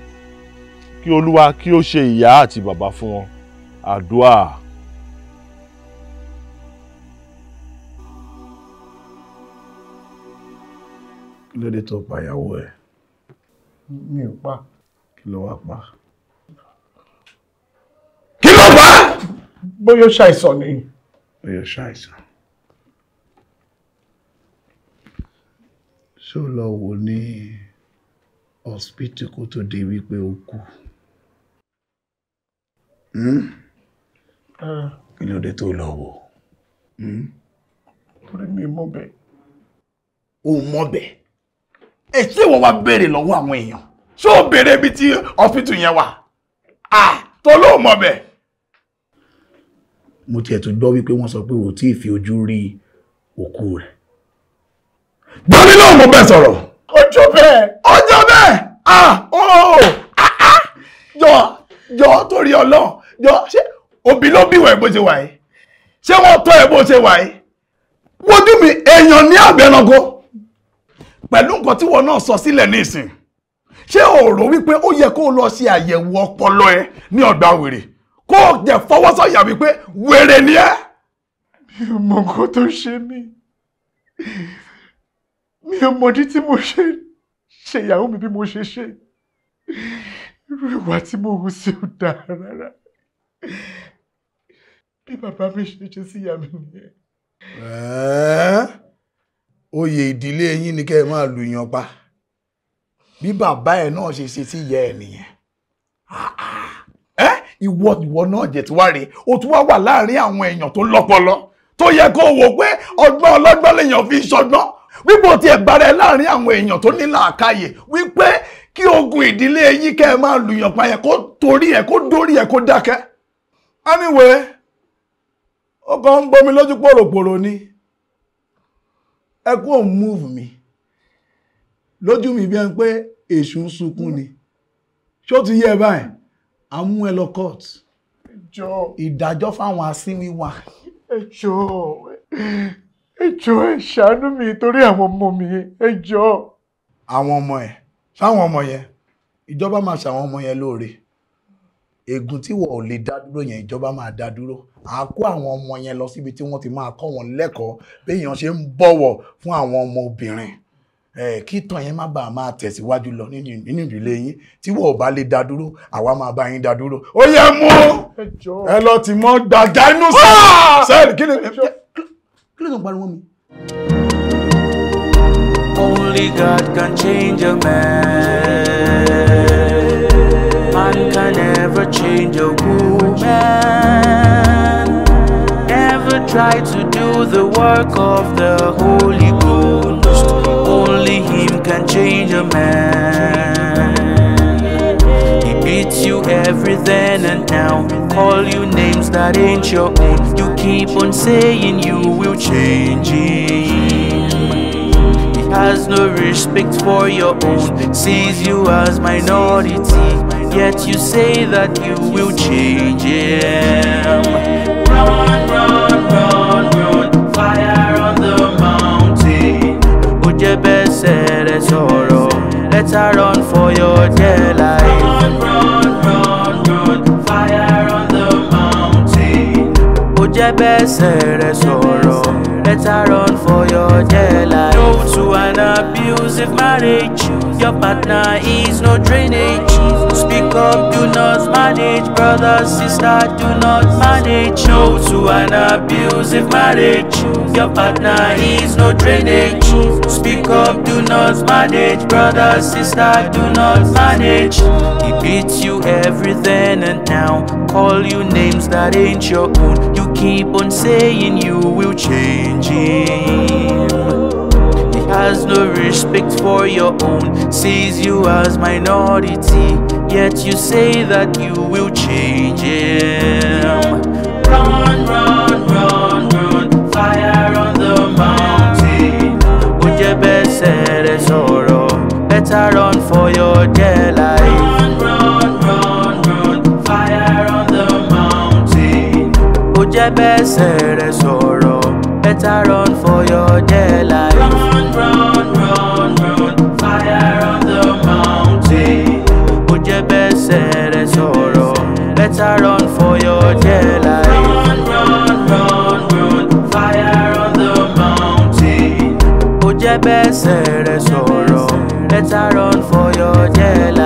kí olúwa kí ó ṣe ìyá àti bàbá fún wọn àdúà. kí ló dé tó pa ìyàwó ẹ. mi ò pa. kí ló wá pa. bóyá ó ṣàìsàn ni. bóyá ó ṣàìsàn. ṣó lọ wò ní hospital kó tó di wípé ó kú. Hmm? Eh. kí ló dé tó lọ wò. Hmm? torí mi mọ̀ bẹ́ẹ̀. o mọ̀ bẹ́ẹ̀ ẹ ṣé wọ́n wá béèrè lọ́wọ́ àwọn èèyàn ṣé o béèrè ibi tí hospital yẹn wà. ah tó ló mọ̀ mo tiẹ̀ tún gbọ́ wípé wọ́n sọ pé ò tí ì fi ojú rí òkú rẹ̀. gbọ́dọ̀ náà mo bẹ̀ sọ̀rọ̀. ọjọ́ bẹ́ẹ̀. ọjọ́ bẹ́ẹ̀ ah oh ah ah jọ jọ torí ọlọ́run jọ ṣé òbí ló bí wẹ̀ bó ṣe wà yìí ṣé wọ́n tọ́ ẹ bó ṣe wà yìí wojú mi èèyàn ní àbẹ̀rango pẹ̀lú nǹkan tí wọn náà sọ sílẹ̀ ní ìsìn ṣé o rò wípé ó yẹ kó o lọ ṣe àyẹ̀wò ọpọlọ ẹ ní ọgbà wèrè kó o jẹ́ fọwọ́ sọ̀yà wípé wèrè ni ẹ́. mi ò mọ nǹkan tó ṣe mí mi ò mọdí tí mo ṣe ṣe ìyàwó mi bí mo ṣe ṣe irú ìwà tí mo hù sí ò dáa rárá bí bàbá mi ṣe ṣe sí ìyá mi nìyẹn. oyè ìdílé yín ni kẹ́ ẹ máa lùyàn pa bí bàbá ẹ̀ náà ṣe ṣe sí ìyá ẹ̀ nìyẹn. ah. ah. ìwọ ìwọ náà jẹ ti wá rè o tún wá wà láàrin àwọn èèyàn tó lọ́pọlọ tó yẹ kó wò pé ọgbọ́n ọlọ́gbọ́n lèèyàn fi ṣọgbọ́n wípé o ti ẹ̀gbára ẹ láàrin àwọn èèyàn tó ní àkàyè wípé kí ogun ìdílé yìí kẹ́ ẹ máa lùyàn pa yẹn kó torí ẹ kó dórí ẹ kó dákẹ́. anyway ó kàn ń mi lójú pòròpòrò ni ẹ kú òun move mi lójú mi bí ẹni pé èṣù ń sunkún ni ṣó ti yé báyìí. à ń mú ẹ lọ court ìdájọ́ fáwọn asínwín wa. ẹ jọ̀ọ́ ẹ jọ̀ọ́ ẹ ṣàánú mi torí àwọn ọmọ mi ẹ jọ̀ọ́. àwọn ọmọ ẹ sáwọn ọmọ yẹn ìjọba máa ṣàwọn ọmọ yẹn lóore ègún tí wọn ò lè dá dúró yẹn ìjọba máa dá dúró à á kó àwọn ọmọ yẹn lọ síbi tí wọn ti máa kọ́ wọn lẹ́kọ̀ọ́ béèyàn ṣe ń bọ̀wọ̀ fún àwọn ọmọ obìnrin kí tàn yẹn má bàa máa tẹ̀síwájú lọ nínú ìdílé yín tí wọ́n bá lè dá dúró àwa máa bá yín dá dúró ó yẹ mú ẹ lọ tì mọ́ dàgbà inú ah! sẹ́ẹ̀lì kí ló ń pariwo mi. Only God can change a man. Man can never change a woman. Never try to do the work of the Holy can change a man. He beats you every then and now. Call you names that ain't your own. You keep on saying you will change him. He has no respect for your own. Sees you as minority. Yet you say that you will change him. blessed sorrow. Better run for your dear life. No to an abusive marriage. Your partner is no drainage. Speak up, do not manage. Brother, sister, do not manage. No to an abusive marriage. Your partner is no drainage. Speak up, do not manage. Brother, sister, do not manage. He beats you everything and now. Call you names that ain't your own keep on saying you will change him He has no respect for your own Sees you as minority Yet you say that you will change him Run, run, run, run Fire on the mountain Ojebe said it's Better run for your dear life fẹ́ bẹ́sẹ̀ rẹ sọ̀rọ̀ better run for your dear life. run run run run fire on the mountain. kò jẹ́ bẹ́sẹ̀ rẹ sọ̀rọ̀ better run for your dear life. run run run run fire on the mountain. kò jẹ́ bẹ́sẹ̀ rẹ sọ̀rọ̀ better run for your dear life.